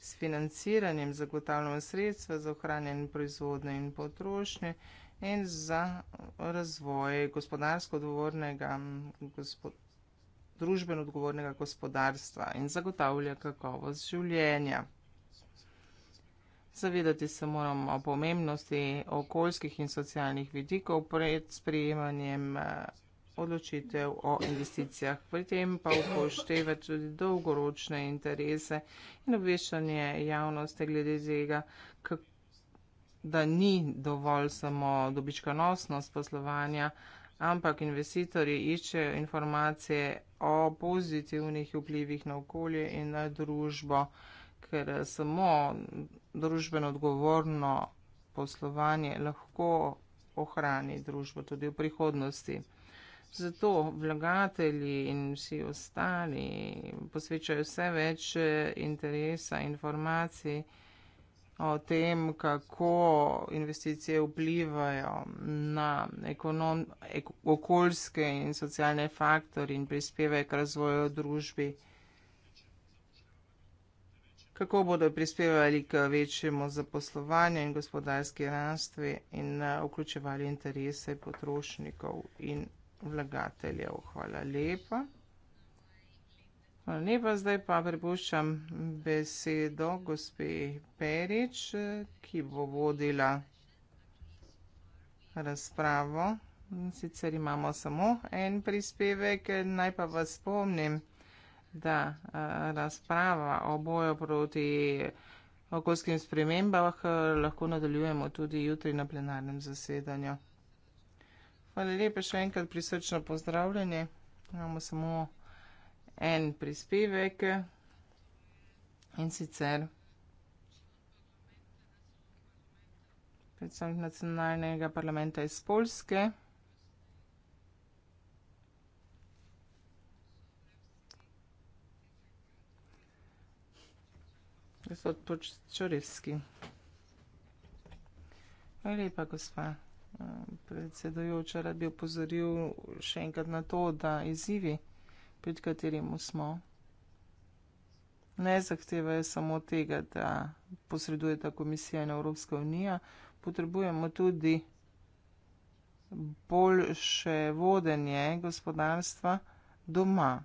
S financiranjem zagotavljamo sredstva za ohranjanje proizvodne in potrošnje in za razvoj gospodarsko odgovornega gospodarstva družbeno odgovornega gospodarstva in zagotavlja kakovost življenja. Zavedati se moramo o pomembnosti okoljskih in socialnih vidikov pred sprejemanjem eh, odločitev o investicijah. Pri tem pa upošteva tudi dolgoročne interese in obveščanje javnosti glede tega, da ni dovolj samo dobičkonosnost poslovanja, ampak investitorji iščejo informacije o pozitivnih vplivih na okolje in na družbo, ker samo družbeno odgovorno poslovanje lahko ohrani družbo tudi v prihodnosti. Zato vlagatelji in vsi ostali posvečajo vse več interesa informacij, o tem, kako investicije vplivajo na ekonom, ek, okoljske in socialne faktor in prispevajo k razvoju družbi, kako bodo prispevali k večjemu zaposlovanju in gospodarski rastvi in vključevali interese potrošnikov in vlagateljev. Hvala lepa. Hvala lepa, zdaj pa prepuščam besedo gospe Perič, ki bo vodila razpravo. Sicer imamo samo en prispevek, naj pa vas spomnim, da razprava o boju proti okoljskim spremembah lahko nadaljujemo tudi jutri na plenarnem zasedanju. Hvala lepa še enkrat prisrčno pozdravljanje. Imamo samo en prispevek in sicer predstavnik nacionalnega parlamenta iz Poljske, gospod Čurevski. Hvala lepa, gospa eh, predsedujoča. Rad bi opozoril še enkrat na to, da izzivi pred katerim smo. Ne zahtevajo samo tega, da posreduje ta komisija in Evropska unija, potrebujemo tudi boljše vodenje gospodarstva doma.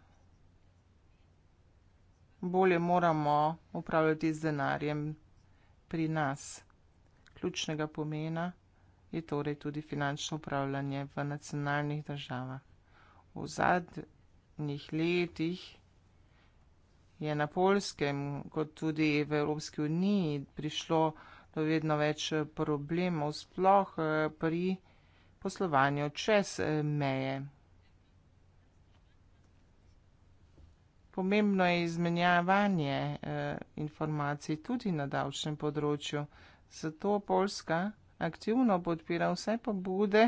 Bolje moramo upravljati z denarjem pri nas. Ključnega pomena je torej tudi finančno upravljanje v nacionalnih državah. V zadnjem zadnjih letih je na Polskem, kot tudi v Evropski uniji, prišlo do vedno več problemov, sploh eh, pri poslovanju čez eh, meje. Pomembno je izmenjavanje eh, informacij tudi na davčnem področju, zato Poljska aktivno podpira vse pobude,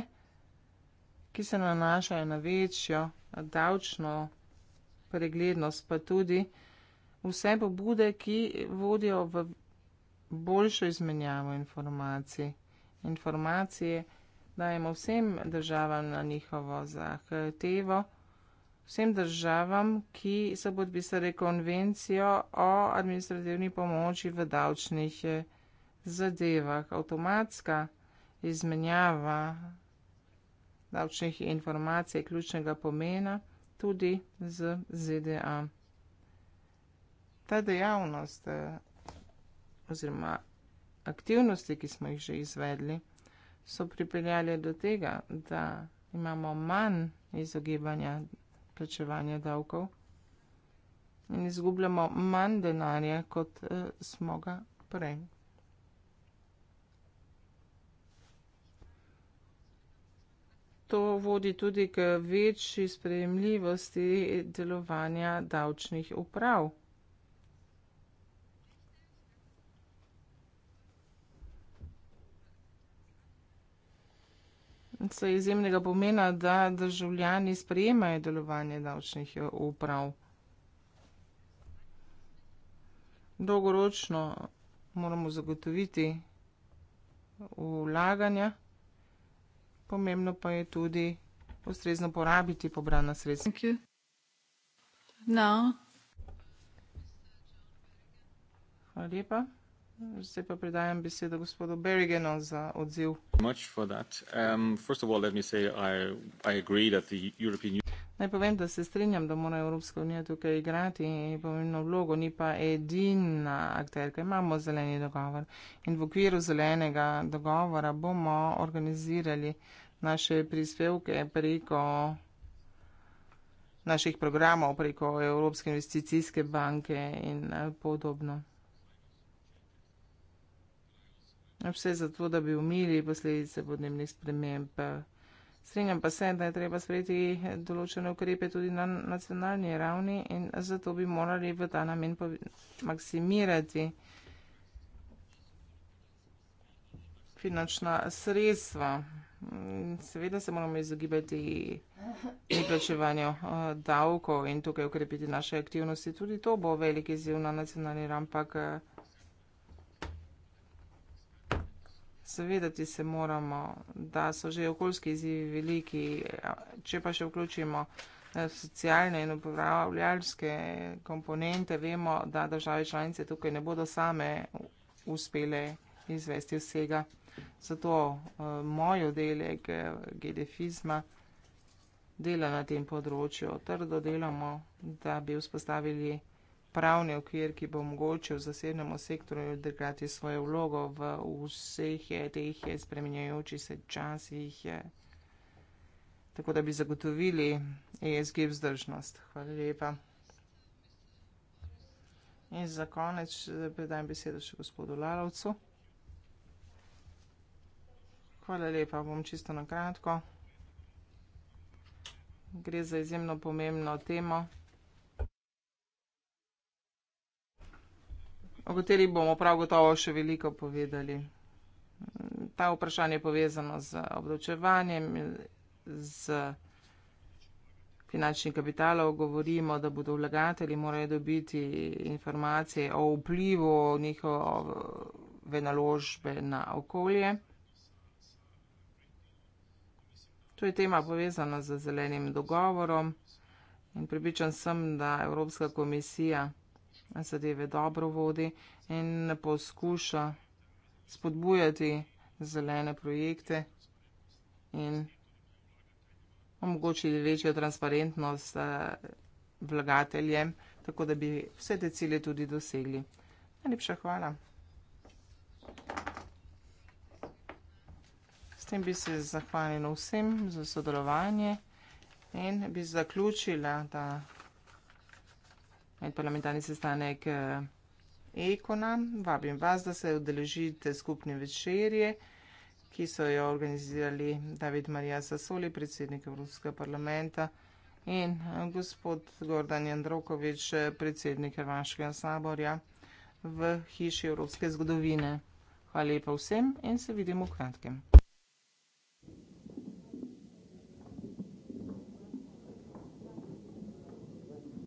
ki se nanašajo na večjo davčno preglednost, pa tudi vse pobude, ki vodijo v boljšo izmenjavo informacij. Informacije dajemo vsem državam na njihovo zahtevo, vsem državam, ki so podpisali konvencijo o administrativni pomoči v davčnih zadevah. Avtomatska izmenjava davčnih informacij ključnega pomena tudi z ZDA. Ta dejavnost eh, oziroma aktivnosti, ki smo jih že izvedli, so pripeljali do tega, da imamo manj izogibanja plačevanja davkov in izgubljamo manj denarja, kot eh, smo ga prej. to vodi tudi k večji sprejemljivosti delovanja davčnih uprav. Se izjemnega pomena, da državljani sprejemajo delovanje davčnih eh, uprav. Dolgoročno moramo zagotoviti vlaganja pomembno pa je tudi ustrezno porabiti pobrana sredstva. Hvala lepa. Zdaj pa predajam besedo gospodu Berigenu za odziv. Hvala lepa. Najprej naj povem, da se strinjam, da je Evropska unija. Naj povem, da se strinjam, da mora Evropska unija tukaj igrati pomembno vlogo, ni pa edina akterka. Imamo zeleni dogovor in v okviru zelenega dogovora bomo organizirali naše prispevke preko naših programov, preko Evropske investicijske banke in eh, podobno. Vse zato, da bi umili posledice podnebnih sprememb. Strinjam pa se, da je treba sprejeti določene ukrepe tudi na nacionalni ravni in zato bi morali v ta namen maksimirati finančna sredstva. Seveda se moramo izogibati plačevanju eh, davkov in tukaj ukrepiti naše aktivnosti. Tudi to bo veliki ziv na nacionalni ravni, ampak. Eh, zavedati se moramo, da so že okoljski izzivi veliki, če pa še vključimo eh, socialne in upravljalske komponente, vemo, da države članice tukaj ne bodo same uspele izvesti vsega. Zato uh, moj oddelek eh, GDFizma dela na tem področju. Trdo delamo, da bi vzpostavili pravni okvir, ki bo omogočil zasebnemu sektorju odigrati svojo vlogo v vseh teh spremenjajočih se časih, eh, tako da bi zagotovili ESG vzdržnost. Hvala lepa. In za konec eh, predajem besedo še gospodu Lalovcu. Hvala lepa, bom čisto na kratko. Gre za izjemno pomembno temo. o kateri bomo prav gotovo še veliko povedali. Ta vprašanje je povezano z obdavčevanjem, z finančnim kapitalom. Govorimo, da bodo vlagateli morali dobiti informacije o vplivu njihove naložbe na okolje. To je tema povezana z zelenim dogovorom in pripričan sem, da Evropska komisija zadeve dobro vodi in poskuša spodbujati zelene projekte in omogočiti večjo transparentnost eh, vlagateljem, tako da bi vse te cilje tudi dosegli. Najlepša hvala. S tem bi se zahvalila vsem za sodelovanje in bi zaključila, da en parlamentarni sestanek eh, Ekona. Vabim vas, da se udeležite skupne večerje, ki so jo organizirali David Marija Sasoli, predsednik Evropskega parlamenta, in eh, gospod Gordan Jandrokovič, predsednik Hrvaškega saborja v hiši Evropske zgodovine. Hvala lepa vsem in se vidimo v kratkem.